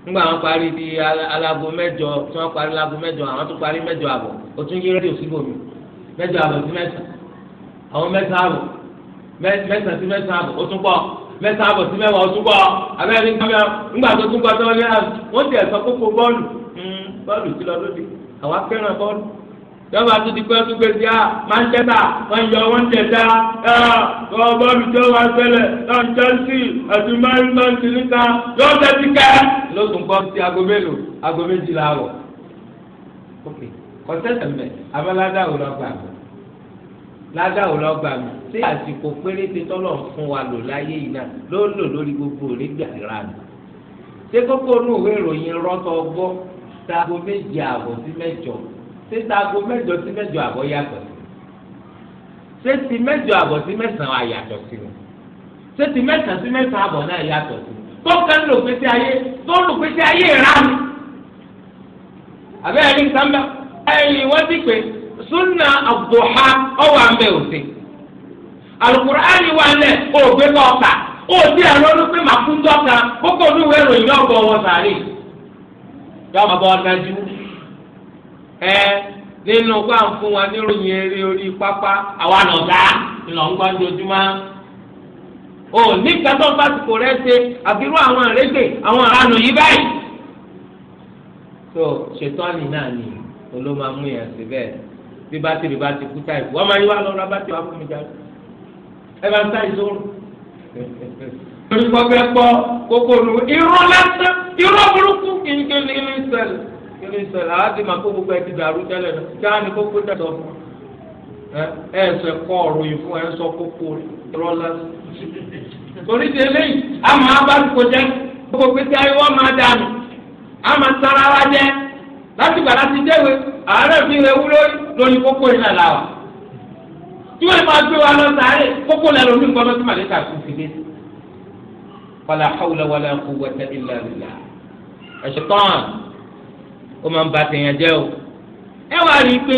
nígbà wọn parí di alago mẹ́jọ tí wọn parí alago mẹ́jọ àwọn tó parí mẹ́jọ àbọ̀ o tún yí rédíò síbò mi mẹ́jọ àbọ̀ sí mẹ́sàn àwọn mẹ́sàn àbọ̀ mẹ́sàn sí mẹ́sàn àbọ̀ o tún pọ̀ mẹ́sàn àbọ̀ sí mẹ́wàá o tún pọ̀ abẹ́rẹ́ nígbà tó tún pọ̀ tó wọn ní àwọn wọ́n ti ẹ̀ sọ kókó bọ́ọ̀lù hmm, bọ́ọ̀lù ti lọ lóde àwa fẹ́ràn bọ́ọ̀lù yọba tó ti pẹ́ tó gbé sí a Manchester wọ́n yọ wọ́n tẹ̀sà wọ́n bọ́ọ̀lù tó wá sẹ́lẹ̀ náà Chelsea àti maryland nìkan yóò tẹ̀sí kẹ́. lóṣùn kọ́ sí aago mélòó aago méjìlá wọ̀ ok kọ́sẹ́sẹ̀ mẹ́ abẹ́ládà ò lọ gbà mí ládà ò lọ gbà mí sí àsìkò péréte tọ́lọ̀ fún wa lò láyé yìí náà ló ń lò lórí gbogbo onígbà ìranù ṣé kókó inú ìwé ìròyìn rọ́tọ̀ ọgbọ́ tá aago méjì ààbọ̀ sí mẹ́jọ ṣé sago mẹjọ sí mẹjọ àbọ̀ yàtọ̀ sí ṣé ti mẹ́jọ sí mẹsàn án àyàtọ̀ sí o ti sí mẹ́sàn-án náà yàtọ̀ sí tó kàn lò pété ayé tó lò pété ayé ìranù àbẹ́ ẹ̀rí nǹkan bá wọ́n ti pè súnà àbùhá ọwọ́ òsè ẹ nínú kó à ń fún wa níròyìn eré orí pápá àwa lọ̀gá ìlọ̀ ń gbọ́ ojoojúmọ́ awọn ní kátó fásitì rẹ ṣe àbírú àwọn àrégbè àwọn àránù yìí báyìí. tó ṣètọ́ni náà ni olóma yẹn sí bẹ́ẹ̀ bí bá ti kú táyì wọ́n máa wá wá fún mi ẹ bá kíni sọ̀rọ̀ àti màkó gbogbo ẹtì dàrú tẹ́lẹ̀ náà kí á ní kókó tẹ̀sọ̀ fún ẹ ẹ sọ ẹ̀kọ́ ọ̀rọ̀ yìí fún ẹ sọ kókó rọ́lá. torí ti eléyìí a máa bá dùkọ̀ jẹ́ gbogbo pété ayé wọ́n máa dànù a máa sára wa jẹ́ láti gbàdá ti jẹ́wé àárẹ̀ fi rẹ̀ wúlò lórí kókó yìí náà làwà. tí wọ́n máa gbé wa lọ sáré kókó lẹ́ lómi nǹkan lọ́sí màlẹ́kà kù sí dé. wàlà hàwùlà wàlà kú wàtẹ́ ìlà ìlà. ó máa ń ba tèèyàn jẹ́ o ẹ wá rí i pé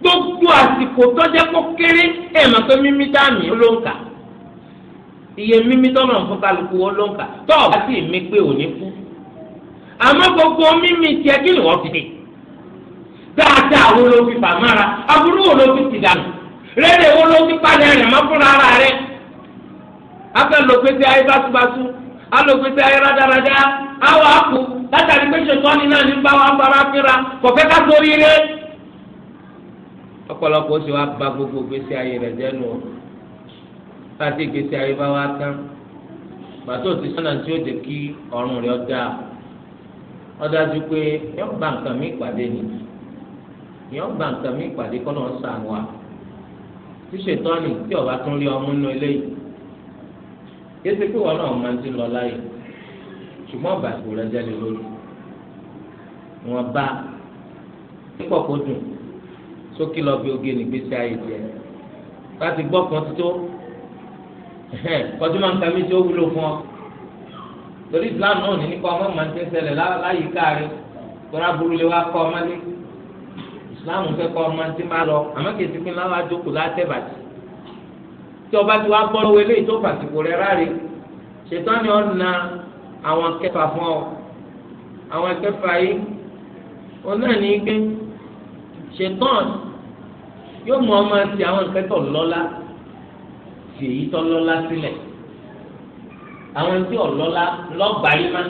gbogbo àsìkò tọ́jẹ́ kó kéré ẹ̀ mọ̀ pé mímí dáàmì ó ló ń kà iye mímí tọ́nà fún kálukú ó ló ń kà tọ́ ọ̀ bá sì mí pé ò ní kú àmọ́ gbogbo mímí tiẹ̀ kí ni dé dáadáa aburú ti dànù rere wo ló fi padà rẹ̀ mọ́ fúnra ara rẹ̀ afẹ́ lọ pé tí ayé bá alọ látàrí pé ṣètọ́ni náà ní bá wa bára fínra kò fẹ́ ká sórí rẹ̀. ọ̀pọ̀lọpọ̀ sì wá ba gbogbo gbèsè ayé rẹ̀ jẹ́ o ọ́ láti gbèsè ayé bá wa tán bàtò ti sọ́nà tí ó jẹ́ kí ọ̀run rẹ̀ ọ̀dà ọ̀dà ju pé yọ̀ bá nǹkan mi pàdé ni yọ̀ bá nǹkan mi pàdé kọ́ náà sàn wà tí ṣètọ́ni tí ọ̀bá tún rí ọmú nù eléyìí yé ti pé wọn náà máa ń ti lọ láyìí ṣùgbọ́n ọba ìṣòro rẹ jẹ́ni lórí wọn bá pípọ̀ kó dùn sókè lọ bí oge nígbésí ayé jẹ láti gbọ́ kan tó kọjú máa ń ka mí tí ó wúlò fún ọ torí Islam náà ní nípa ọmọ màá ń tẹ́sẹ̀lẹ̀ láyìíká rẹ tọ́lá burúkú wa kọ́ ọmọ lé Islam fẹ́ kọ́ ọmọ tí máa lọ àmọ́ kìí ti pín láwa jókòó látẹ̀bàtì tí ọba tí wàá gbọ́ lọ́wọ́ eléyìí tó fàsìkò rẹ ráre ṣètò àná ọ̀nà àwọn kẹfà fún ọ àwọn kẹfà yìí wọn náà ní pé ṣetán yóò mú ọmọ ti àwọn kẹtọ lọ́lá sí èyí tó lọ́lá sílẹ̀ àwọn tí ò lọ́lá lọgbàáyé má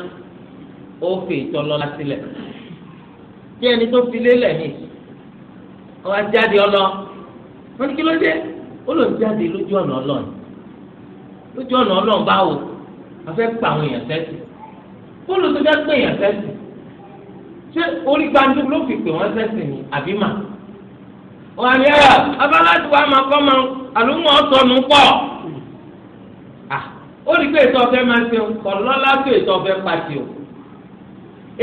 ó fi ìtọ lọ́lá sílẹ̀ tí ẹni tó fi lélẹ̀ ni ọba jáde ọlọ wọn ní kí ló dé ó lòún jáde lójú ọ̀nà ọlọ́run lójú ọ̀nà ọlọ́run báwo a fẹ́ pa àwọn èèyàn sẹ́sìn bóòlù tó dá pé èèyàn sẹ́sìn ṣé orí gbandu ló fi pè wọ́n sẹ́sìn ni àbí mà. wà á ní ẹ abáláṣí wa máa kọ́ máa àlùmọ́ ọ̀sọ̀nù pọ̀. ó rí pé ètò ọ̀fẹ́ máa ń ṣe kọ̀ lọ́lá tó ètò ọ̀fẹ́ pàṣẹ o.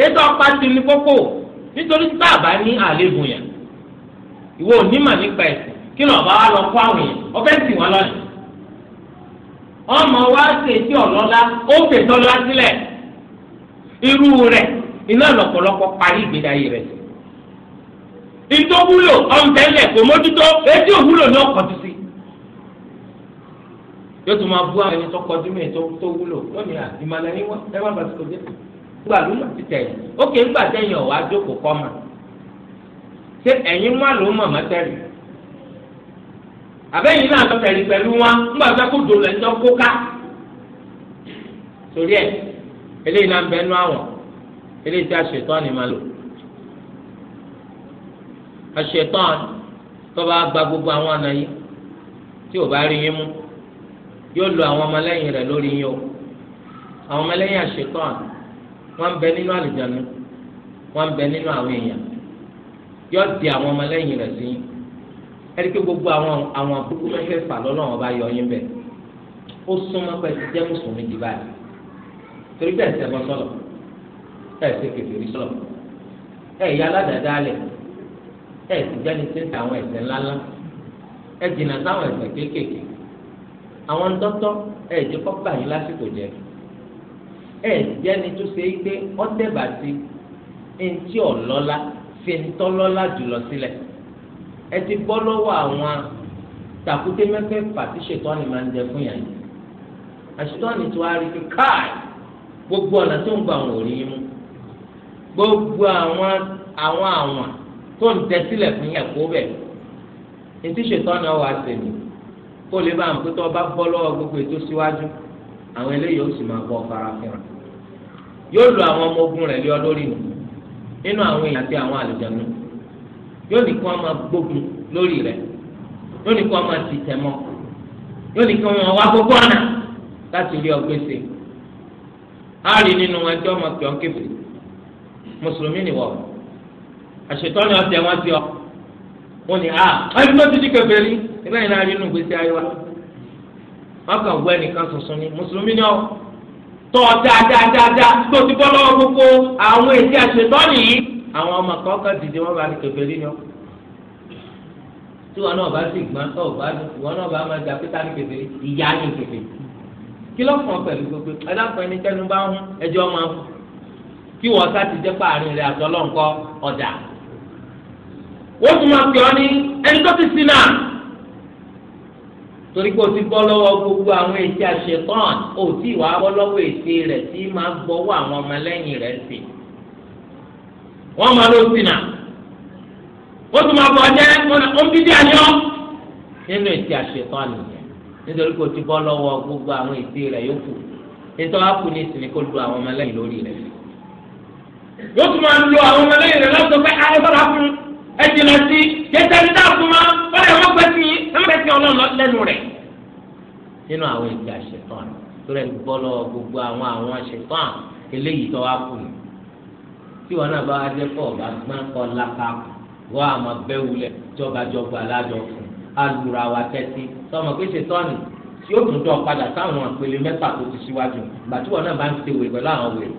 ètò ọ̀pàṣẹ ni kókó nítorí tí bàbá ní àlébù yẹn ìwọ ò ní mà nípa ẹ̀sìn kí lọ́ọ́ bá wa lọ kó àwọn yẹn ọ̀fẹ́ sì wọ́n lọ́nà. ọmọ wa ṣèṣì ọ̀lọ́lá ó fètò ọlá sílẹ̀ irú rẹ iná lọ́pọ̀lọpọ̀ parí ìgbédáyé rẹ̀ sí ìtò wúlò kò mójútó etí òwúlò ni ọkọ̀ tó sí. yóò tún máa bú àwọn ẹni tó kọjú mi tó wúlò lónìí à ìmàlẹ̀ ni wọ́n ẹ má bàtí kò dé. gbà lúmọ̀ ti tẹ̀yìn ókè ńgbà tẹ̀yìn ọ̀wá jókòó kọ́ ṣé ẹ̀yin mú àbẹ́yìn náà tẹ̀lé pẹ̀lú wọn ńgbà kó dòlẹ̀ kó ká. torí eléyìí náà bẹ́ẹ̀ nú àwọn eléyìí tí aṣetán ni máa lò aṣetán tó bá gba gbogbo àwọn ọ̀nà yìí tí ò bá rí yín mú yóò lo àwọn ọmọlẹ́yìn rẹ̀ lórí yín o àwọn ọmọlẹ́yìn aṣetán wọ́n ń bẹ nínú àlùjánu wọ́n ń bẹ nínú àwọn èèyàn yóò di àwọn ọmọlẹ́yìn rẹ̀ sí yín ẹni pé gbogbo àwọn àwọn àbúkú mẹ́fẹ̀ẹ̀fà lọ́lọ́wọ́n bá yọ yín bẹ̀ ó súnmọ́ pẹ̀lú jẹ́ mùsùlùmí dì báyìí torí bẹ́ẹ̀ sẹ́gbọ́ sọ̀lọ̀ ẹ̀ ṣe kẹfìrí sọ̀lọ̀ ẹ̀ yà aládàáda alẹ̀ ẹ̀ sì jáde sí àwọn ẹ̀ṣẹ̀ ńláńlá ẹ̀ jìnnà sáwọn ẹ̀ṣẹ̀ kéékèèké àwọn ńdọ́tọ́ ẹ̀ jẹ́ kọ́ bá yín lásìkò jẹ́ ẹ̀ jẹ́ni tó ṣe é pé ọ́tẹ̀bà sí eŋti ọ̀lọ́lá fi ńtọ́lọ́lá jùlọ sílẹ̀ ẹ ti bọ́ lọ́wọ́ àwọn tàkúté mẹ́fẹ́ fà tí ṣètọ́ni máa ń jẹ fún yàn yìí àṣetọ́ni tó a rí i káì gbogbo ọ̀nà tó ń gba àwọn òrí yín mú gbogbo àwọn àwọn àwọn tó ń tẹ sílẹ̀ fún yẹn kó bẹ̀ etí ṣètọ́nà wà sèmi kó lè bá àwọn pété ọba bọ́ lọ́wọ́ gbogbo ètò síwájú àwọn eléyìí ó sì máa bọ́ farafin yóò lo àwọn ọmọ ogun rẹ̀ lé ọ lórí nù nínú àwọn èèyàn àti àwọn àlùjànnú yóò ní kí wọ́n máa gbógun lórí rẹ̀ yóò ní kí wọ́n máa ti tẹ̀ mọ́ yóò ní kí wọ́n wá gbogbo ọ̀nà láti rí ọgbẹ́ ali rí nínú wọn tí ọmọ pè ọ́n kébìrì mùsùlùmí nìwọ àṣetọ́ ni ọ̀sẹ̀ wọn ti ọ wọn ni a ẹni tó ti di kèfèrí ẹgbẹ́ yìí náà rí nínú gbèsè ayé wa wọn kàn wọ ẹnìkan tuntun ni mùsùlùmí ni ọ tọ́ dáadáadáa tó ti bọ́ lọ́wọ́ gbogbo àwọn èdè àṣetọ́ nìyí àwọn ọmọ kan kan dìde wọn bá ní kèfèrí ni ọ tí wọn náà bá sì gbọ́n tó bá wọn náà bá máa jà pété kí ló kàn pẹ̀lú gbogbo ẹ̀dàpọ̀ ẹni tẹnu bá ń ẹjọ́ máa ń kí wọ́n sá ti jẹ́ páàrin rẹ̀ àtọ́lọ́ ńkọ́ ọ̀dà. wọ́n tún máa pè ọ́ ní ẹni tó ti sin náà torí pé o ti bọ́ lọ́wọ́ gbogbo àwọn èsì àṣetán o tí ìwà bọ́ lọ́wọ́ èsì rẹ̀ tí máa gbọ́wọ́ àwọn ọmọlẹ́yìn rẹ̀ sí wọ́n máa ló sin náà wọ́n tún máa bọ̀ jẹ́ ó ń bíbí àyọ́ nínú èsì àṣetán nìyẹn nítorí kò ti bọ́ lọ́wọ́ gbogbo àwọn ète rẹ̀ yòókù nítorí wàá kú ní ìsinmi kó lu àwọn ọmọlẹ́yìn lórí rẹ̀. yóò tún máa lo àwọn ọmọlẹ́yìn rẹ̀ lọ́sọ̀ pé ayọ́sọ̀rọ̀ ah, fún ẹ jìnnà sí jẹjẹ ní dáa fún wa wọ́n lè wọ́n pẹ́ sí i wọ́n pẹ́ sí ọlọ́run lẹ́nu rẹ̀. nínú àwọn ìgbà ṣẹ̀tàn tó rẹ̀ bọ́ lọ́wọ́ gbogbo àwọn àwọn ṣẹ̀tàn eléyìí tó wàá kú tí wọn náà bá wá jẹ́ pọ̀ bá gbọ́n kọ́ lápá wọ́n àmọ́ bẹ́ẹ̀ wulẹ̀ jọba jọba alájọ fún alùra wa tẹ́tí sọmọ pé ṣètọ́nù tí ó tún tọ́ padà sáwọn àpèlè mẹ́fà tó ti síwájú gbàtúwọ̀ náà bá ń ṣe wèé pẹ̀lú àwọn wèé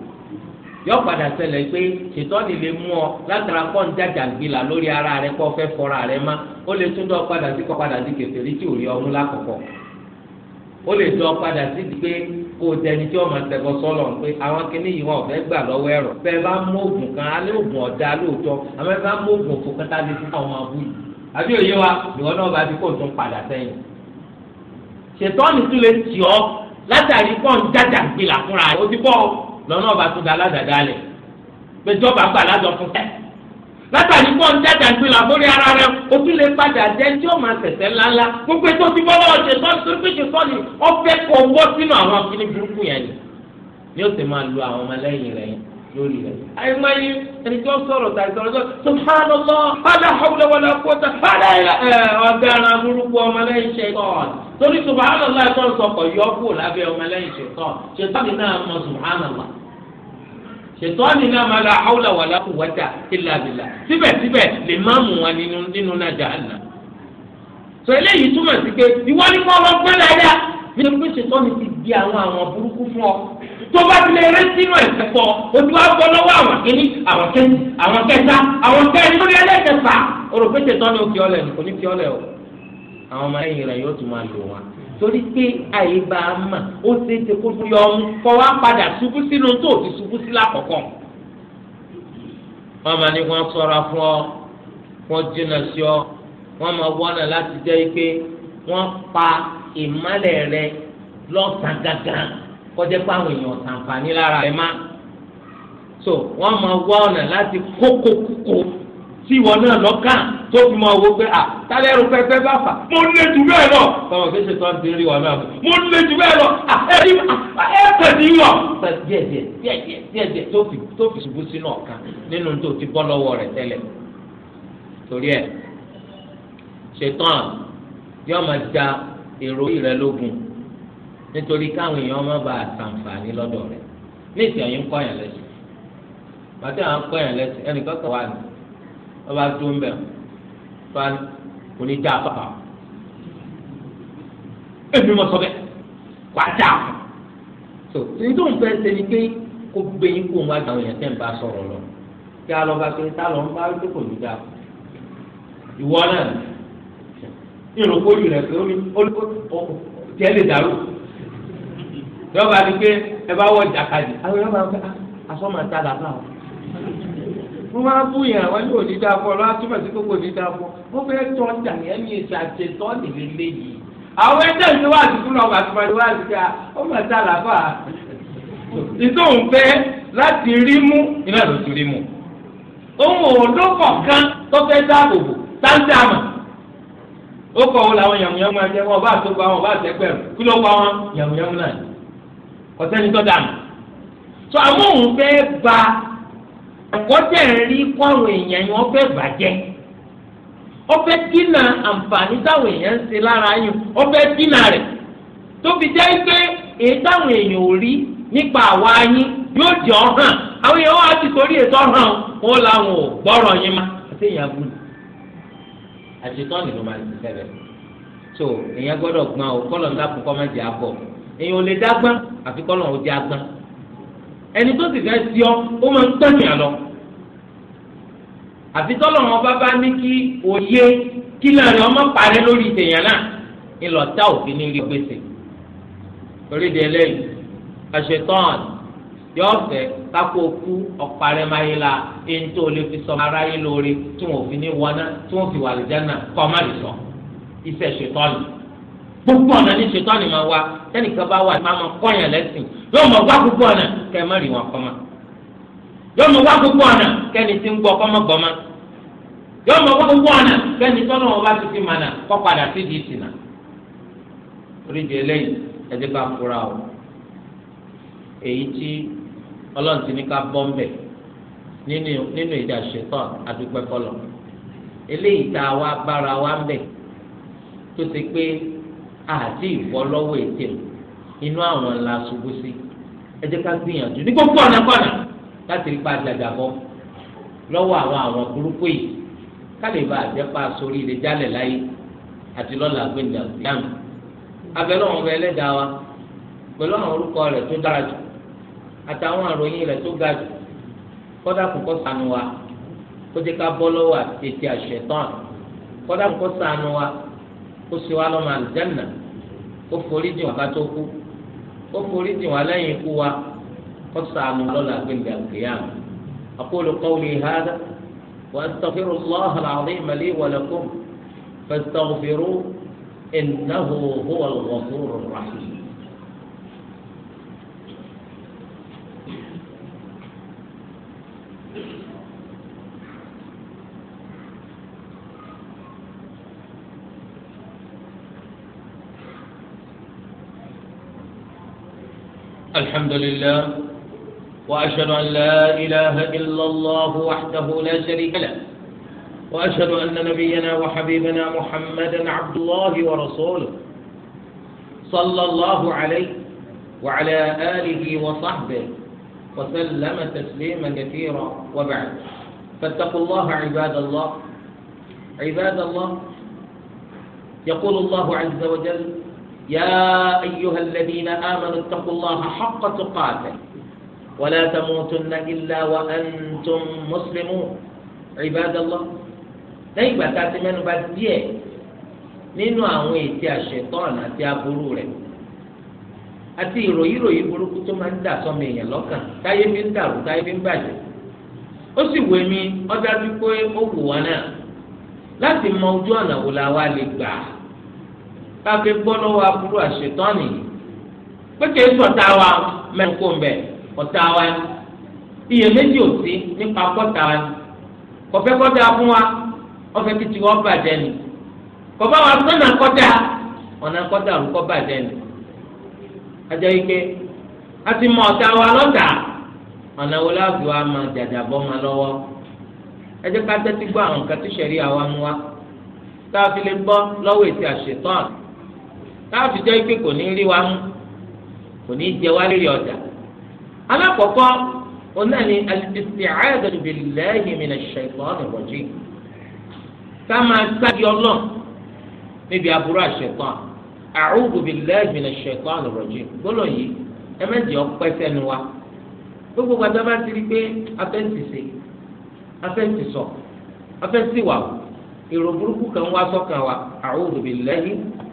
yọ padà ṣẹlẹ̀ pé ṣètọ́ni lè mú ọ látara pọ́ ń jàjà gbìlà lórí ara rẹ kọ́ fẹ́ fọra rẹ má ó lè tún dọ́ padà sí kọ́ padà sí kẹfẹ́rí tí ò rí ọmú lákọ̀ọ́kọ́ ó lè dọ́ padà sí pé kó o tẹni tí ọmọ tẹ̀kọ́ sọ́lọ̀ pé àwọn kinní yìí wọn ò fẹ́ gbà lọ́wọ́ ẹ̀rọ bẹ́ẹ̀ bá mú oògùn kan alẹ́ oògùn ọ̀dà lóòótọ́ àmọ́ bá mú oògùn òfò kẹta lè fún àwọn abúlé àbí òye wa ìwọ náà bá ti kó tún padà sẹ́yìn ṣètọ́ni tún lè tì ọ́ látàrí pọ́n jájà gbìlà fúnra rẹ̀ ó lọ́nà ọba tún da aládàáda lẹ̀ gbẹjọba gbà ládọ̀ fún tẹ́ látàrí pọ́n jájà gbìlà fúnra ara rẹ̀ ó lè padà jẹ́ tí ó máa tẹ̀sẹ̀ ńláńlá gbogbo ètò ti bọ́ lọ́wọ́ ṣètọ́ni tó fi ṣètọ́ni ọ̀fẹ́ kọ wọ́ sínú àwọn akíní burúkú yẹn ni ó sì máa lu àwọn ọmọlẹ́yìn rẹ̀ lórí rẹ̀ àìmọye ẹni tí wọ́n sọ̀rọ̀ tàbí sọ̀rọ̀ sọ̀rọ̀ subhanallah ala hawla wala quwwata ala ila ẹ ọ̀daràn burúkú ọmọlẹ́yìn ṣẹ̀tọ́n torí subhanallah ẹ̀tọ́ sọkọ̀ yọ kú lábẹ́ ọmọlẹ́yìn ṣẹ̀tọ́n ṣẹ̀tọ́n ni náà mọ subhanallah ṣẹ̀tọ́n ni náà mọ ala hawla wala quwwata illa billah síbẹ̀síbẹ̀ lè má mú wọn nínú náà jahannam sọ eléyìí túmọ̀ sí pé ìwọ ni wọ́n lọ gbẹ́ tó bá ti lè rẹ́ sínú ẹ̀sẹ̀ pọ̀ ojú wa bọ́ lọ́wọ́ àwọn kìíní àwọn kẹ́ni àwọn kẹta àwọn kẹrin lórí ẹlẹ́kẹfà òròpété tán ni ó fi ọlẹ̀ kò ní fi ọlẹ̀ o àwọn ọmọ ẹ̀yìn rẹ̀ yóò tún máa lò wọn torí pé àyíbá mà ó ṣe é ṣe kó tó yọ ọmú kọ wá padà ṣubú sínú tó ti ṣubú sí lákọ̀ọ́kọ́ wọn máa ní wọn ṣọ́ra fún ọ wọn jìnnà sí ọ wọn máa wọnà láti jẹ́ pé wọ́n pa ìmọ̀lẹ̀ rẹ lọ́sàn-án gàgàn kọjá pé àwọn èèyàn ṣàǹfààní lára rẹ̀ má so wọ́n máa wá ọ̀nà láti kókó kókó tí ìwọ náà lọ́kàn tó fi máa wo pé à tálẹ́ ẹrù pẹpẹ bá fà mo lè jù bẹ́ẹ̀ lọ báwọn kí ṣètò àti rí wọn náà mo lè jù bẹ́ẹ̀ lọ ẹ pẹ̀ ní yọ. díẹ̀díẹ̀ díẹ̀díẹ̀ díẹ̀díẹ̀ tó fi ṣubú sínú ọ̀kan nínú tó ti bọ́ lọ́wọ́ rẹ̀ tẹ́lẹ̀ torí ẹ̀ ṣètò yóò máa ja èrò rẹ̀ lógun nítorí káwọn èèyàn má bàa ṣàǹfààní lọ́dọ̀ rẹ̀ ní ìsìn àyín kọ́ àyàn lẹ́sìn bàtí àwọn kọ́ àyàn lẹ́sìn ẹnìkan kọ̀ wá ní wọ́n tó ń bẹ̀ wọ́n kò ní já pàpà èmi mọ̀ sọ bẹ́ẹ̀ wàá já so nítorí òun fẹ́ ṣe ni pé kó gbé yín kó wá àwọn èèyàn tẹ́ ń bá sọ̀rọ̀ lọ kí a lọ bá pé tá lọ ń bá tó kò ní já ìwọ náà ìròkó yìí rẹ̀ pé ó ní ó tiẹ̀ lè dàrú yóò bá di pé ẹ bá wọ jàkadì àwọn yóò bá wọ pé ah, aṣọ ta làbá o wọ́n máa bú yẹn àwọn yóò ní dáa fún ọ lọ́wọ́ túmọ̀ sí gbogbo ní dáa fún ọ wọ́n fẹ́ tọ́ ọjà yẹn ní ìṣe àti ẹ̀tọ́ nílé léyìí àwọn ẹ̀jẹ̀ ń wá àdúgbò náà wà tó máa wá àdúgbò ó máa ta làbá ìtòun fẹ́ láti rí mú iná ló ti rí mú ohun òòló kọ̀ọ̀kan tó fẹ́ dáàbò bò táńtà ó kọ̀ ọ́ làwọn yàmùyàmù ọ̀sẹ́ni tó dànù. so amóhùn fẹ́ gba ẹ̀kọ́ tẹ̀ rí kọ́ èèyàn yẹn wọ́n fẹ́ bàjẹ́ ọfẹ́ dínà àǹfààní táwọn èèyàn ń ṣe lára yín ọfẹ́ dínà rẹ̀ tó fi jẹ́ pé èyí táwọn èèyàn ò rí nípa àwa yín yóò jẹ́ ọ hàn àwọn èèyàn ti torí ètò hàn wọn làwọn ò gbọ́rọ̀ yín má àti èèyàn so èèyàn gbọ́dọ̀ gbọ́n kọ́lọ̀ èyàn ò lè dágbọ́n àfi kọ́ lọ́n ò jẹ́ agbọ́n ẹni tó sì fẹ́ sí ọ ó máa ń tọ́jú àlọ́ àfi tọ́lọ̀ wọn bá bá ní kí òye kí lẹ́rìn ọmọ parẹ́ lórí ìtẹ̀yàn náà ńlọta òfin ní rí gbèsè torí di àṣetán yóò fẹ́ kápò kú ọ̀parẹ́ máyé la èyí tó lè fi sọ aráyé lóore tí wọn ò fi ní wọná tí wọn fi wà lè náà kọ́ má lè sọ iṣẹ́ ṣetán yìí. gbogbo ọ̀nà ní ṣètò àná máa wá tẹnìkan bá wà máa lẹ́sìn yóò mọ̀ wá gbogbo ọ̀nà kẹ́ má rí wọn kọ́mọ yóò mọ̀ wá gbogbo ọ̀nà kẹ́ni tí ń gbọ́ kọ́mọ gbọ́mọ yóò mọ̀ wá gbogbo ọ̀nà kẹ́ni tọ́nà wọn bá ti fi mànà kọ́ padà sí di oríṣi eléyìí fura o èyí tí ọlọ́run ti ní nínú ṣètò eléyìí àti ti ètè inú àwọn ńlá ṣubú sí ẹ ká gbìyànjú ní gbogbo ọ̀nà kọ́nà láti rí pa àjàgà bọ́ lọ́wọ́ àwọn àwọn burúkú yìí ká lè bá àjẹpá sórí ilé jálẹ̀ láyé àti lọ́la gbẹ̀ndà abẹ́lẹ́ ẹlẹ́dàá wa pẹ̀lú àwọn orúkọ rẹ̀ tó dára jù àtàwọn àròyìn rẹ̀ tó ga jù kọ́dà kò kọ́ sànù wa kó jẹ́ ká bọ́ lọ́wọ́ àti ètè kó sì wá lọ́mọ àlùjánnà kó forí jìn wá bá tó kú kó forí jìn wá lẹ́yìn ikú wa kó di won ba to lọ́la di won leyin iku wa ko sanu lola أقول قولي هذا وأستغفر الله العظيم لي ولكم فاستغفروه إنه هو الغفور الرحيم الحمد لله وأشهد أن لا إله إلا الله وحده لا شريك له وأشهد أن نبينا وحبيبنا محمدا عبد الله ورسوله صلى الله عليه وعلى آله وصحبه وسلم تسليما كثيرا وبعد فاتقوا الله عباد الله عباد الله يقول الله عز وجل يا أيها الذين آمنوا اتقوا الله حق تقاته ولا تموتن إلا وأنتم مسلمون عباد الله lẹ́yìn ìgbà tá a ti mẹ́nu bà díẹ̀ nínú àwọn ètí àṣetọ́ọ̀nù àti aburú rẹ̀ àti ìròyìn ìròyìn burúkú tó máa ń dà sọmọ èèyàn lọ́kàn táyé fi ń dàrú táyé fi ń bàjẹ́ ó sì wé mi ọjà wípé ó wù wá náà láti mọ ojú ọ̀nà wo la wá lè gbà á kafe bọ́ lọ́wọ́ aburú àṣetọ́nì pé esu sọ̀tà wa mẹ́rin kó mbẹ́ ọ̀tà wa iyèméjì ò nípa kọ́tà wa kọ̀fẹ́ kọ́tà fún wa ọ̀fẹ́ kìtì wọ́n bàjẹ́ ni kọ̀fẹ́ wa sọ̀nà kọ́tà ọ̀nà kọ́tà òrùkọ́ bàjẹ́ ni ajá ike a ti mọ ọ̀tà wa lọ́tà ọ̀nà wo wa máa bọ́ ma lọ́wọ́ ẹ jẹ́ ká tẹ́tí gbọ́ àwọn kan tí sẹ̀rí àwa mú wa tá fi lè bọ́ lọ́wọ́ ètí àṣetọ́nù. táàfì jẹ́ pé kò ní rí wa mú kò ní jẹ wá ọjà alákọ̀ọ́kọ́ onáni al-isti'adatu billahi minash shaytanir rajim ká máa sáàdì ọlọ́ọ̀ níbi aburú àṣetán a'udhu billahi minash shaytanir rajim gbọ́dọ̀ yìí ẹ mẹ́jẹ̀ ọpẹ́ sẹ́nu wa gbogbo gbàdá bá ti rí pé afẹ́ǹtìwà burúkú kan wá sọ́kàn wa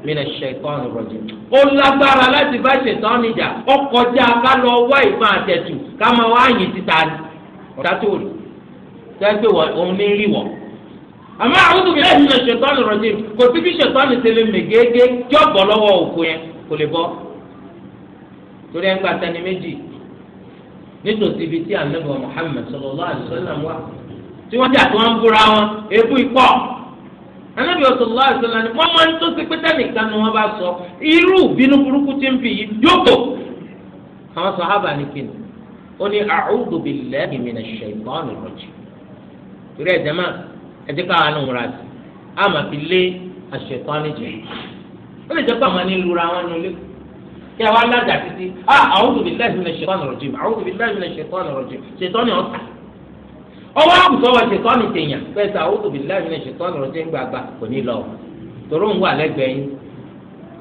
mina ṣẹ̀tọ́nù rọ̀jì. ó lágbára láti bá ṣẹ̀tọ́nù ìjà ó kọjá ká lọ wá ìbọn àtẹ̀tù ká máa wá àyìn títa ọ̀tátòrì tẹ́gbẹ́ wọ òun ní rí wọ. àmọ́ àwọn tó fi lẹ́yìn mina ṣẹ̀tọ́nù rọ̀jì kò sí bí ṣẹ̀tọ́nù ṣe lè mè gégé kí ó bọ̀ lọ́wọ́ òkú yẹn kò lè bọ́. torí ẹ̀ ń gba tani méjì nítòsí ibi tí ànábì Muhammad sallallahu alaihi wasallam wà tí wọ́n jà tí wọ́n ń búra wọn èébú ikọ́ anabi ọsọlá àṣọlá ni wọn máa ń tó ṣe pé tẹnìkan ni wọn bá sọ irú bínú burúkú tí ń fi yìí yókò àwọn sàhábà ní kíni ó ní a'udhu billahi minash shaytanir rajim torí ẹ̀jẹ̀ máa ẹ̀jẹ̀ káwa ní òun ra sí a máa fi lé àṣetán níjẹ ó lè jẹ́ pé àwọn nílùra wọn nulẹ̀ kí a wá ládàá títí ah, a'udhu billahi minash shaytanir rajim a'udhu billahi minash shaytanir rajim ṣètọ́ ni ọ̀tà ọwọ́ àbùsọ̀wọ̀ ṣètọ́nì tèèyàn bẹ́ẹ̀ sọ àwọn òbí láàrin náà ṣètọ́nì rọ̀jẹ́ gbàgbà kò ní lọ tòró ń wà lẹ́gbẹ̀ẹ́ yín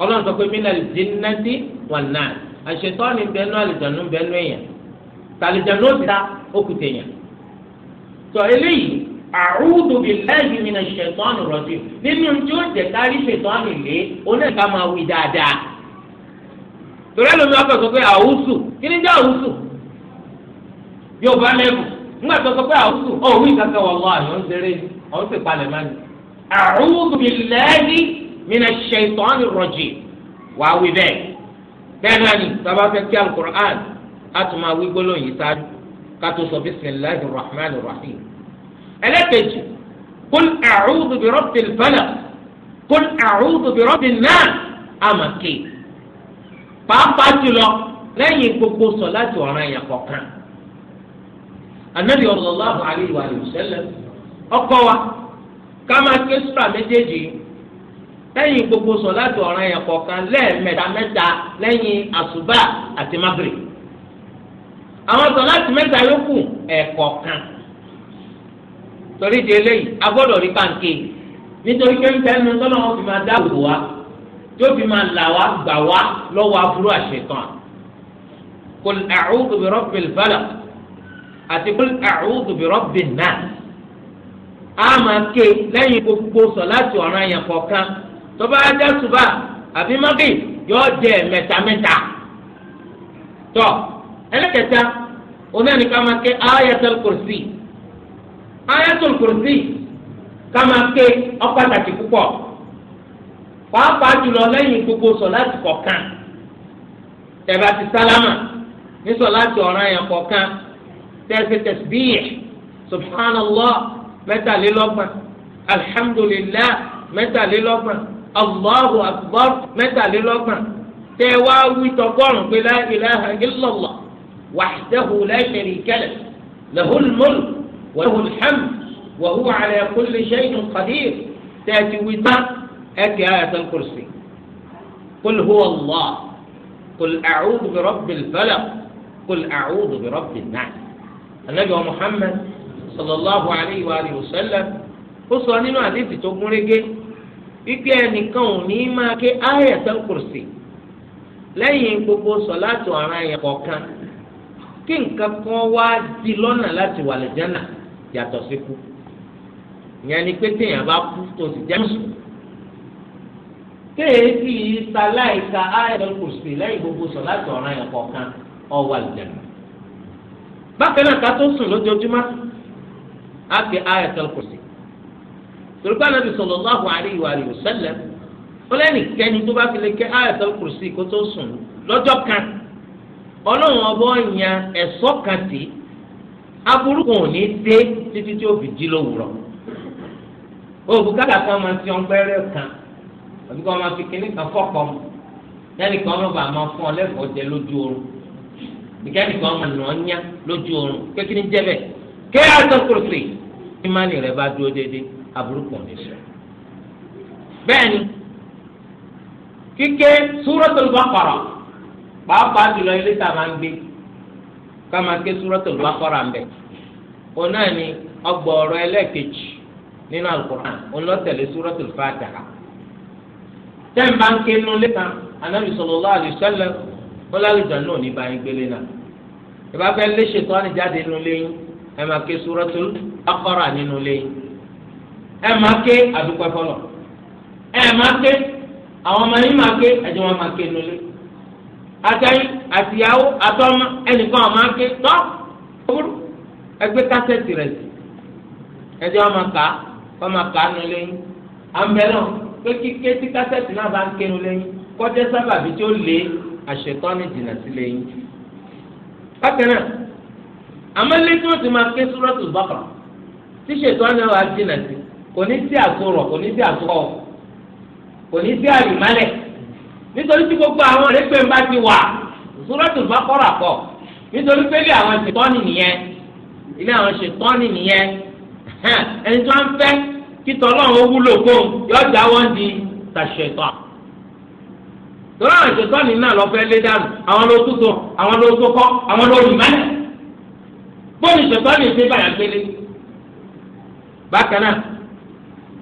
ọlọ́run sọ pé mílẹ̀ jìnnàtì wọn náà àṣetọ́nì bẹ́ẹ̀ náà àlìjànú bẹ́ẹ̀ náà èèyàn tàlìjànú ó ta ó kù tèèyàn tọ eléyìí àrùdù bìláyì mi náà ṣètọ́nì rọ̀jẹ́ nínú tí ó jẹ kárí ṣètọ́nì lé oníkà máa wí dáadáa tòró ẹlòmíràn sọ pé àwùsù kí ni jẹ́ àwùsù yóò bá lẹ́bùn nígbà tó sọ pé àwùjọ ọ̀hún ìkàkẹ́ wà lọ́wọ́ àyàn ń ṣeré ọ̀hún sì palẹ̀ máa ní. a'udhu billahi minash shaitani rajim wàá wí bẹ́ẹ̀ bẹ́ẹ̀ náà ni bàbá fẹ́ kí alukur'an a tún máa wí gbólóhùn yìí sáájú ká tó sọ bisimilahi rahman rahim. ẹlẹ́kẹ̀jì kul a'udhu bi rabbil falaq kul a'udhu bi rabbin nas àmàkè pàápàá jùlọ lẹ́yìn gbogbo sọ láti ọ̀ràn yẹn kọ̀ọ̀kan anabi sallallahu alayhi wa sallam ọkọ wa ká máa ké sùrà méjèèjì lẹ́yìn gbogbo sọ̀láàtì ọ̀ràn yẹn kọ̀ọ̀kan lẹ́ẹ̀mẹ́ta mẹ́ta lẹ́yìn àsùbà àti magre àwọn sọ̀láàtì mẹ́ta yòókù ẹ̀kọ̀ọ̀kan torí di eléyìí a gbọ́dọ̀ rí pàǹkì nítorí pé ń bẹ́ẹ̀ nu tọ́lọ́ wọn fi máa dáàbò wa tí fi máa là wá gbà wá lọ́wọ́ aburú àṣetán kò àrùn kò bí rọ́pìlì àti kul a'udhu bi rabbin nas á máa ké lẹ́yìn gbogbo sọ láti ọ̀ràn yẹn kọ̀ọ̀kan tó bá dá ṣùbà àbí mọ́gì yóò jẹ mẹ́tamẹ́ta tó ẹlẹ́kẹta onáni ká máa ké ayatul kursi ayatul kursi ká máa ké ó púpọ̀ pàápàá jùlọ lẹ́yìn gbogbo sọ láti kọ̀ọ̀kan tẹ̀bá ti sálámà ní sọ láti ọ̀ràn yẹn kọ̀ọ̀kan. في تسبيح سبحان الله متى للأكبر الحمد لله متى للأكبر الله أكبر متى للأكبر تواوي تقول بلا إله إلا الله وحده لا شريك له له الملك وله الحمد وهو على كل شيء قدير تأتي وطاء أتي آية الكرسي قل هو الله قل أعوذ برب الفلق قل أعوذ برب النعم anabi wa muhammed sallallahu alayhi wa alihi wa sallam ó sọ nínú àdéhùn tó gún régé wípé ẹnìkan ò ní máa ké ayatul kursi lẹ́yìn gbogbo sọ̀láàtù ọ̀ràn yẹn kọ̀ọ̀kan kí nǹkan kan wá di lọ́nà láti wà lẹ́jánà yàtọ̀ sí kú ìyẹn ni pé téèyàn bá kú tó sì jẹ́ mùsùlùmí kéèké yìí ta láìka ayatul kursi lẹ́yìn gbogbo sọ̀láàtù ọ̀ràn yẹn kọ̀ọ̀kan ó wà lẹ́jánà bákan náà ká tó sùn lójoojúmọ́ á fi ayatul kursi torípa anabi sallallahu alayhi wa sallam ó lẹ́nu kẹ́ni tó bá fi lè kẹ́ ayatul kursi kó tó sùn lọ́jọ́ kan ọlọ́run ọbọ̀ yan ẹ̀sọ́ kan tì aburú kò ní dé títí tí ó fi jí lówùrọ̀ òbúkátà kan máa ti ọgbẹ́rẹ́ kan àbíkọ́ máa fi kíní kan fọ́pọ̀ mu yẹ́nì kan ọlọ́ba máa fún ọ lẹ́kọ̀ọ́ jẹ lójú oorun ìkẹ́ni kan mọ̀ nà ọ́nyá lójú oorun kékeré ń jẹ́ bẹ́ẹ̀ kí á sọ kúròkìrì ìmánì rẹ̀ bá dúró déédéé aburú kan ní sọ. bẹ́ẹ̀ ni kíké Suratul Baqara pàápàá jùlọ ilé tá a máa ń gbé ká máa ké Suratul Baqara ń bẹ̀ òun náà ni ọgbọ̀ ẹlẹ́ẹ̀kejì nínú alukur'an òun lọ tẹ̀lé Suratul Fatiha wọn lálùjọ náà ní bá yín gbélé náà ìbá fẹ́ lé ṣètò ànijáde nínú léyìn ẹ máa ké suratul Baqara nínú léyìn ẹ máa ké àdúpẹ́ fọlọ ẹ máa ké àwọn ọmọ yín máa ké ẹjọ wọn máa ké nínú lé àtẹyìn àtìyàwó àtọmọ ẹnìkan máa ké tọ́ ọgbọ́dọ̀ ẹgbẹ́ kásẹ̀tì rẹ̀ sí ẹjọ́ ọmọ ká ọmọ ká nu lẹ́yìn àmbẹ́lọ́ pé kíké tí kásẹ̀tì náà bá ń ké nu lẹ́yìn kọ́jẹ́ sábàbí àṣetọ́ni jìnnà sílẹ̀ yín. bákan náà àmọ́lé tí ti máa ké súrọ́tù Baqara tí ṣètọ́ni wa jìnnà sí kò ní sí àtúrọ̀ kò ní sí àtúkọ̀ kò ní sí àrìmálẹ̀ nítorí tí gbogbo àwọn ọ̀rẹ́gbẹ́ bá ti wà súrọ́tù Baqara kọ̀ nítorí pé ilé àwọn ṣètọ́ni nìyẹn ilé àwọn ṣètọ́ni nìyẹn ẹni tí fẹ́ kí tọ́lọ́run wúlò fóun yọjà wọ́n di tàṣetọ́ lọ́wọ́ àwọn ìṣètọ́ni náà lọ fẹ́ lé dànù àwọn ló tó so àwọn ló tó kọ́ àwọn ló rì mẹ́lẹ̀ bóyá ìṣètọ́ni ṣe báyà gbélé. bákan náà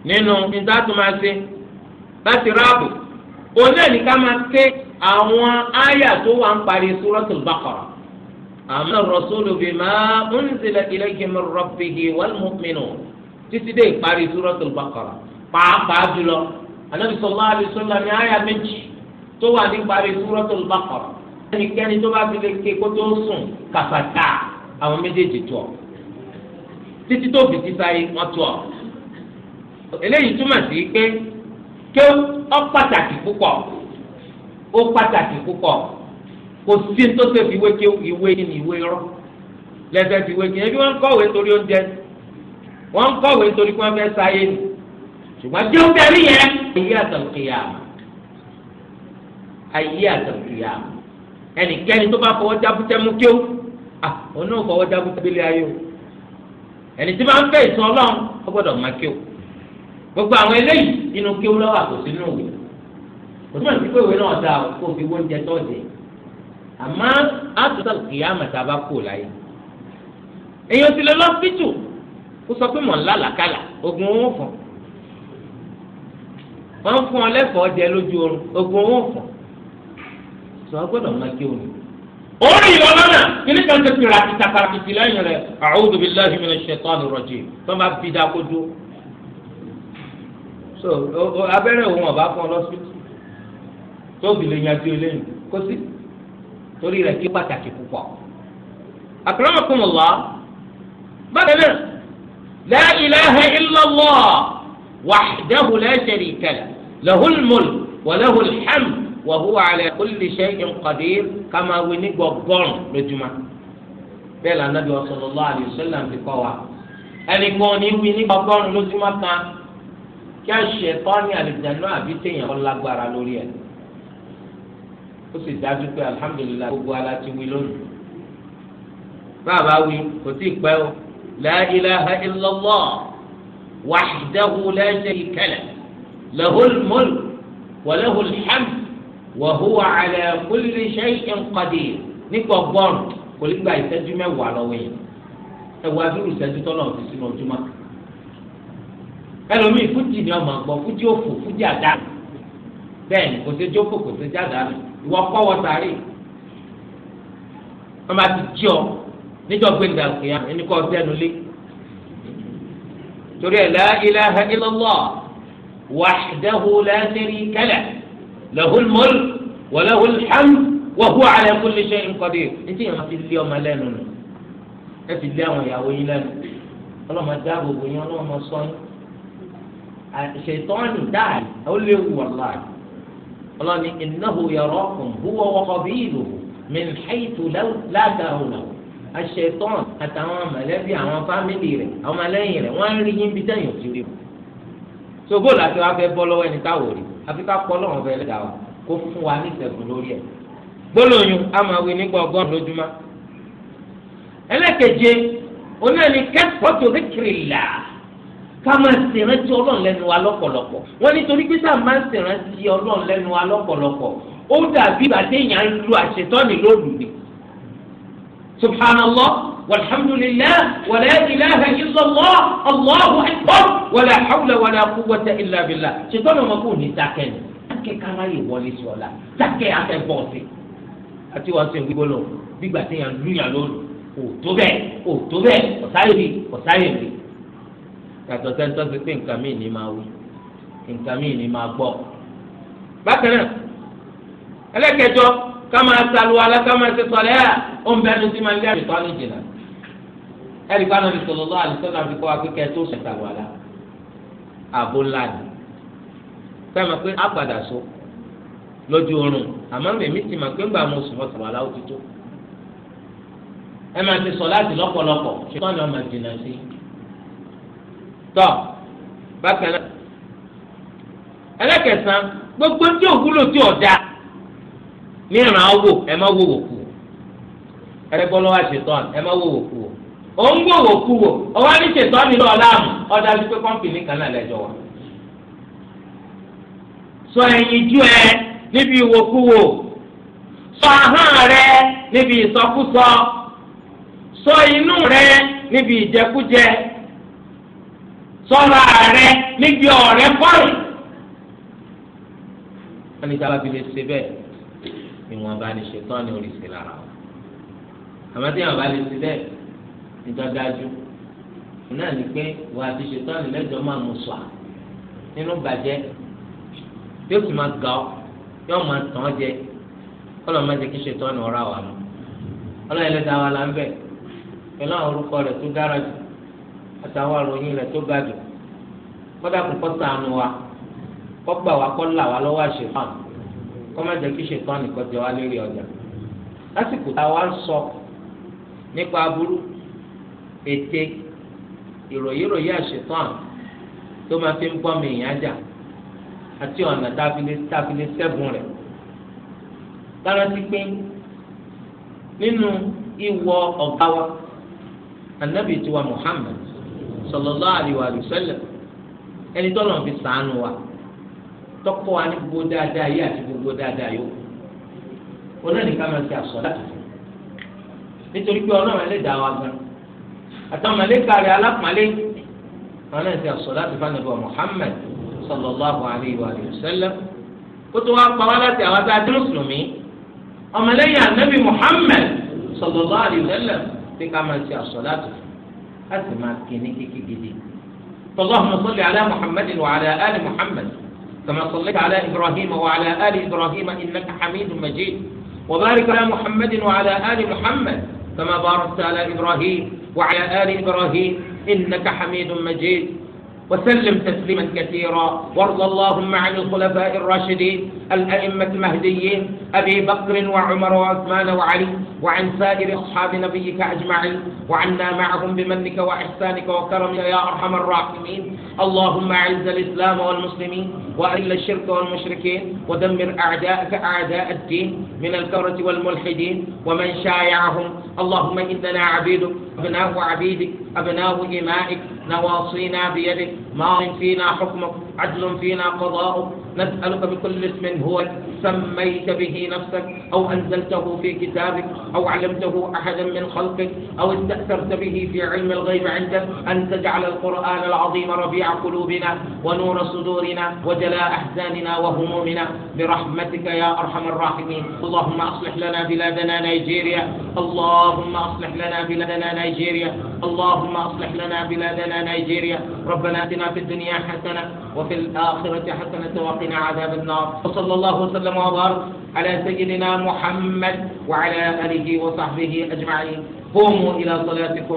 nínú ìdátúmọ̀ọ́sí láti ráàbù òun náà ní ká máa ké àwọn áyà tó wà ń parí Suratul Baqara. àmọ́ rọ̀sọ́lù bima unzila ilayhi min rabbihi wal mu'minun títí dé ìparí Suratul Baqara pàápàá jùlọ Ànábì tó wà ní parí Suratul Baqara ẹnikẹ́ni tó bá fi lè ké kó tó sùn kàfàtà àwọn méjèèjì tó títí tó bìtì sáyé wọ́n tó eléyìí túmọ̀ sí pé ké ọ pàtàkì púpọ̀ ó pàtàkì púpọ̀ kò sí tó ṣe fi wé ké ìwé ní ìwé rọ lẹ́sẹ̀ fi wé ké ẹbí wọ́n kọ̀wé nítorí oúnjẹ wọ́n kọ̀wé nítorí pé wọ́n fẹ́ sáyé ṣùgbọ́n jẹ́ oúnjẹ yẹn èyí àtàlùkìyà ayé àtàkùyà ẹnikẹ́ni tó bá fọwọ́ jábútẹ́mú kí ó à òun náà fọwọ́ jábútẹ́bílẹ̀ ayé o ẹni tí máa ń fẹ́ ìsọ ọlọ́run ó gbọ́dọ̀ máa kí ó gbogbo àwọn eléyìí inú kí ó lọ́wọ́ àkòsí inú òwe kò túmọ̀ sí pé òwe náà da kó fi oúnjẹ tó dé àmọ́ àtàkùyà àmàtà bá kú láyé èèyàn ti lọ lọ́sítù kó sọ pé mọ̀ ń lálàkàlà ogun owó fún wọn fún ọ lẹ́fọ̀ọ́ jẹ lójú oorun ogun owó fún sọ gbọ́dọ̀ máa kí òun. orí ìwọ lọ́nà kíní kan ti pèrè àti takarakìtì lẹ́yìn rẹ̀ a'udhu billahi minash shaitanir rajim tó máa bí dáko dó. so abẹ́rẹ́ òun ọ̀bá fún ọ lọ́sítì tó fi lè yanjú eléyìí kó sí torí rẹ̀ kí pàtàkì púpọ̀. akramakumullah bákan náà la ilaha illallah wahdahu la sharika lahu lahul mulk wa lahul hamd wa huwa ala kulli shay'in qadir ká máa wí ní gbọ̀gbọ́n lójúmọ́ bẹ́ẹ̀ lànàbí sallallahu alayhi wa sallam ti kọ́ wa ẹnì kan ní wí ní gbọ̀gbọ́n lójúmọ́ kan kí a ṣe tán ní àlìjáná àbí téèyàn kọ́ lágbára lórí ẹ̀ ó sì dájú pé alhamdulilayi gbogbo ala ti wí lónìí bàbá wí kò tí ì pẹ́ o la ilaha illallah wahdahu la sharika lahu lahul mulk wa huwa ala kulli shay'in qadir nípa ọgbọ́n kò lè gba ìṣẹ́jú mẹ́wàá lọ́wọ́ yẹn ẹ̀wọ́ adúrú ìṣẹ́jú tọ́lọ̀ fi sínú ojúmọ́ ẹlòmíì fújì ni ọmọ àgbọ̀ fújì òfò fújì àdánù bẹ́ẹ̀ ni kò sí jókòó kò sí jádàánù ìwọ kọ́wọ́ sáré wọ́n máa ti jí ọ níjọ́ gbé ìdàgbéyàn ẹni kọ́ sẹ́nu lé torí ẹ̀ lahul mulk wa lahul hamd wa huwa ala kulli shay'in qadir ntí yẹn máa fi lé ọmọ lẹ́nu nù ẹ fi lé àwọn ìyàwó yín lẹ́nu ọlọ́mọ dáàbò bò yín ọlọ́mọ sọ yín ṣètọ́ni dáàlì ó léwu wàláì ọlọ́ni innahu yarakum huwa wa qabiluhu min haythu la tarawnahu aṣetán àtàwọn mọ̀lẹ́bí àwọn fámìlì rẹ̀ àwọn ọmọlẹ́yìn rẹ̀ wọ́n ń rí yín bí dẹ́yìn òkìrì o. so bó làtí wàá fẹ́ bọ́ lọ́wọ́ ẹni táwọn rí i àfi ká pọ́ lọ́wọ́ bẹ́ẹ̀ lẹ́dàá o kó fún wa ní ìṣẹ́gun lórí ẹ̀ gbólóyún a máa wí nígbà ọgọ́rùn lójúmọ́ ẹlẹ́kẹ̀je onáni kẹ́sìpọ́tò rìkìrìlà ká máa ṣèrántí ọlọ́run lẹ́nu wa lọ́pọ̀lọpọ̀ wọ́n nítorí pé sáà máa ń ṣèrántí ọlọ́run lẹ́nu wa lọ́pọ̀lọpọ̀ ó dàbí bàtẹ́yìn à ń lu àṣetọ́ni lóòlù ni subhanallah walhamdulillah wala ilaha illallah allahu akbar wala hawla wala quwwata illa billah ṣètọ́nù ọmọ kò ní dákẹ́ ni dákẹ́ kára yìí wọlé sí ọ̀la dákẹ́ afẹ́ bọ́ọ̀sì àti wàá sọ ìwúgbó lọ gbígbà tí yàn lùyàn lónìí kò tó bẹ́ẹ̀ kò tó bẹ́ẹ̀ ọ̀sáyè rí ọ̀sáyè rí yàtọ̀ sẹ́ńtọ́ sí pé nǹkan míì ní máa wí nǹkan míì ní máa gbọ́. bákan náà ẹlẹ́kẹ̀jọ ká máa salu ala ká máa ṣe sọ̀rẹ́ à ó ń bẹ́ẹ̀ ní sí máa ń lé àṣetọ́ ní jìnnà ẹ̀rí pa náà sọ̀rọ̀ lọ́wọ́ àdìsọ́nà fi kọ́ akẹ́kẹ́ tó sùn tàwàlà ààbò ńlá ni fẹ́mi pé á so lójú oorun àmọ́ ti mà pé ńgbà mo sùn mọ́ tàwàlà ó ti ẹ máa ti sọ láti lọ́pọ̀lọpọ̀ ṣùgbọ́n ni wọ́n máa sí i tọ́ bákan náà ẹlẹ́kẹ̀sán gbogbo òwúlò tí ní ìrànwọ́ ẹ má wò wò kú ẹ bọ́ lọ́wọ́ ẹ má wò wò kú òun gbòòwò kú wò ọwọ́ ní ṣètò nínú ọ̀làmù ọ̀dájú pé kọ́mpìnì kan náà lẹ́jọ́ wa. sọ ẹyin ẹ níbi ìwòkúwò sọ ahọ́n rẹ níbi ìsọkúsọ sọ inú rẹ níbi ìjẹkújẹ sọra rẹ níbi ọ̀rẹ́ kọ́rùn. wọ́n ní fi lè ṣe bẹ́ẹ̀ ni wọ́n bá ní ṣètò ìdọ́dájú náà ni pé wà á ti ṣètò àmì lẹ́jọ́ máa mú sùà nínú bàjẹ́ yóò sì máa gà ọ́ yóò máa tàn ọ́ jẹ kọ́lọ́ máa jẹ kí ṣètò àmì ọ̀rá wà mọ́ ọlọ́yìn lẹ́dá wa là ń bẹ̀ pẹ̀lú àwọn orúkọ rẹ̀ tó dára jù àtàwọn àròyìn rẹ̀ tó ga kọ́dà kò kọ́ sànù wa kọ́ gbà wá kọ́ là wá lọ́wọ́ àṣetán kọ́ má jẹ́ kí ṣètò àmì kọjá wa lérí ọjà lásìkò táwa ń sọ nípa aburú Ete ìròyìnròyìn àṣetán tó máa fi ń bọ́ mi ìyàn jà àti ọ̀nà táfilé sẹ́gun rẹ̀ lára pé nínú ìwọ ọ̀gá wa anabi tiwa Muhammad sallallahu alaihi wa sallam ẹni tọ́lọ̀ fi sànù wa tọ́kọ́ wa ní gbogbo dáadáa yìí àti gbogbo dáadáa yòó onáni ká máa ṣe àsọdá nítorí pé ọlọ́run ẹlẹ́dàá wa gan-an. àtàwọn màlẹ́kà rẹ̀ alápàlẹ́ wọn náà ti àṣọ láti fún ànábì Muhammad sallallahu alayhi wa sallam kó tó wá pa wá láti àwọn tá a dúró mùsùlùmí ọmọlẹ́yìn ànábì Muhammad sallallahu alayhi wa sallam tí ká máa ti àṣọ láti fún láti máa kí ní kíkí gidi. اللهم صل على محمد وعلى آل محمد كما صليت على إبراهيم وعلى آل إبراهيم إنك حميد مجيد وبارك على محمد وعلى آل محمد كما باركت على إبراهيم وعلى آل إبراهيم إنك حميد مجيد وسلم تسليما كثيرا وارض اللهم عن الخلفاء الراشدين الأئمة المهديين أبي بكر وعمر وعثمان وعلي وعن سائر أصحاب نبيك أجمعين وعنا معهم بمنك وإحسانك وكرمك يا أرحم الراحمين اللهم أعز الإسلام والمسلمين وأذل الشرك والمشركين ودمر أعداءك أعداء الدين من الكفرة والملحدين ومن شايعهم اللهم إننا عبيدك أبناء عبيدك أبناء إمائك نواصينا بيدك ماض فينا حكمك عدل فينا قضاؤك نسألك بكل اسم هو سميت به نفسك أو أنزلته في كتابك أو علمته أحدا من خلقك أو استأثرت به في علم الغيب عندك أن تجعل القرآن العظيم ربيع قلوبنا ونور صدورنا وجلاء أحزاننا وهمومنا برحمتك يا أرحم الراحمين اللهم أصلح لنا بلادنا نيجيريا اللهم أصلح لنا بلادنا نيجيريا اللهم أصلح لنا بلادنا نيجيريا ربنا آتنا في الدنيا حسنة وفي الآخرة حسنة وقنا وقنا عذاب النار وصلى الله وسلم وبارك على سيدنا محمد وعلى آله وصحبه أجمعين قوموا إلى صلاتكم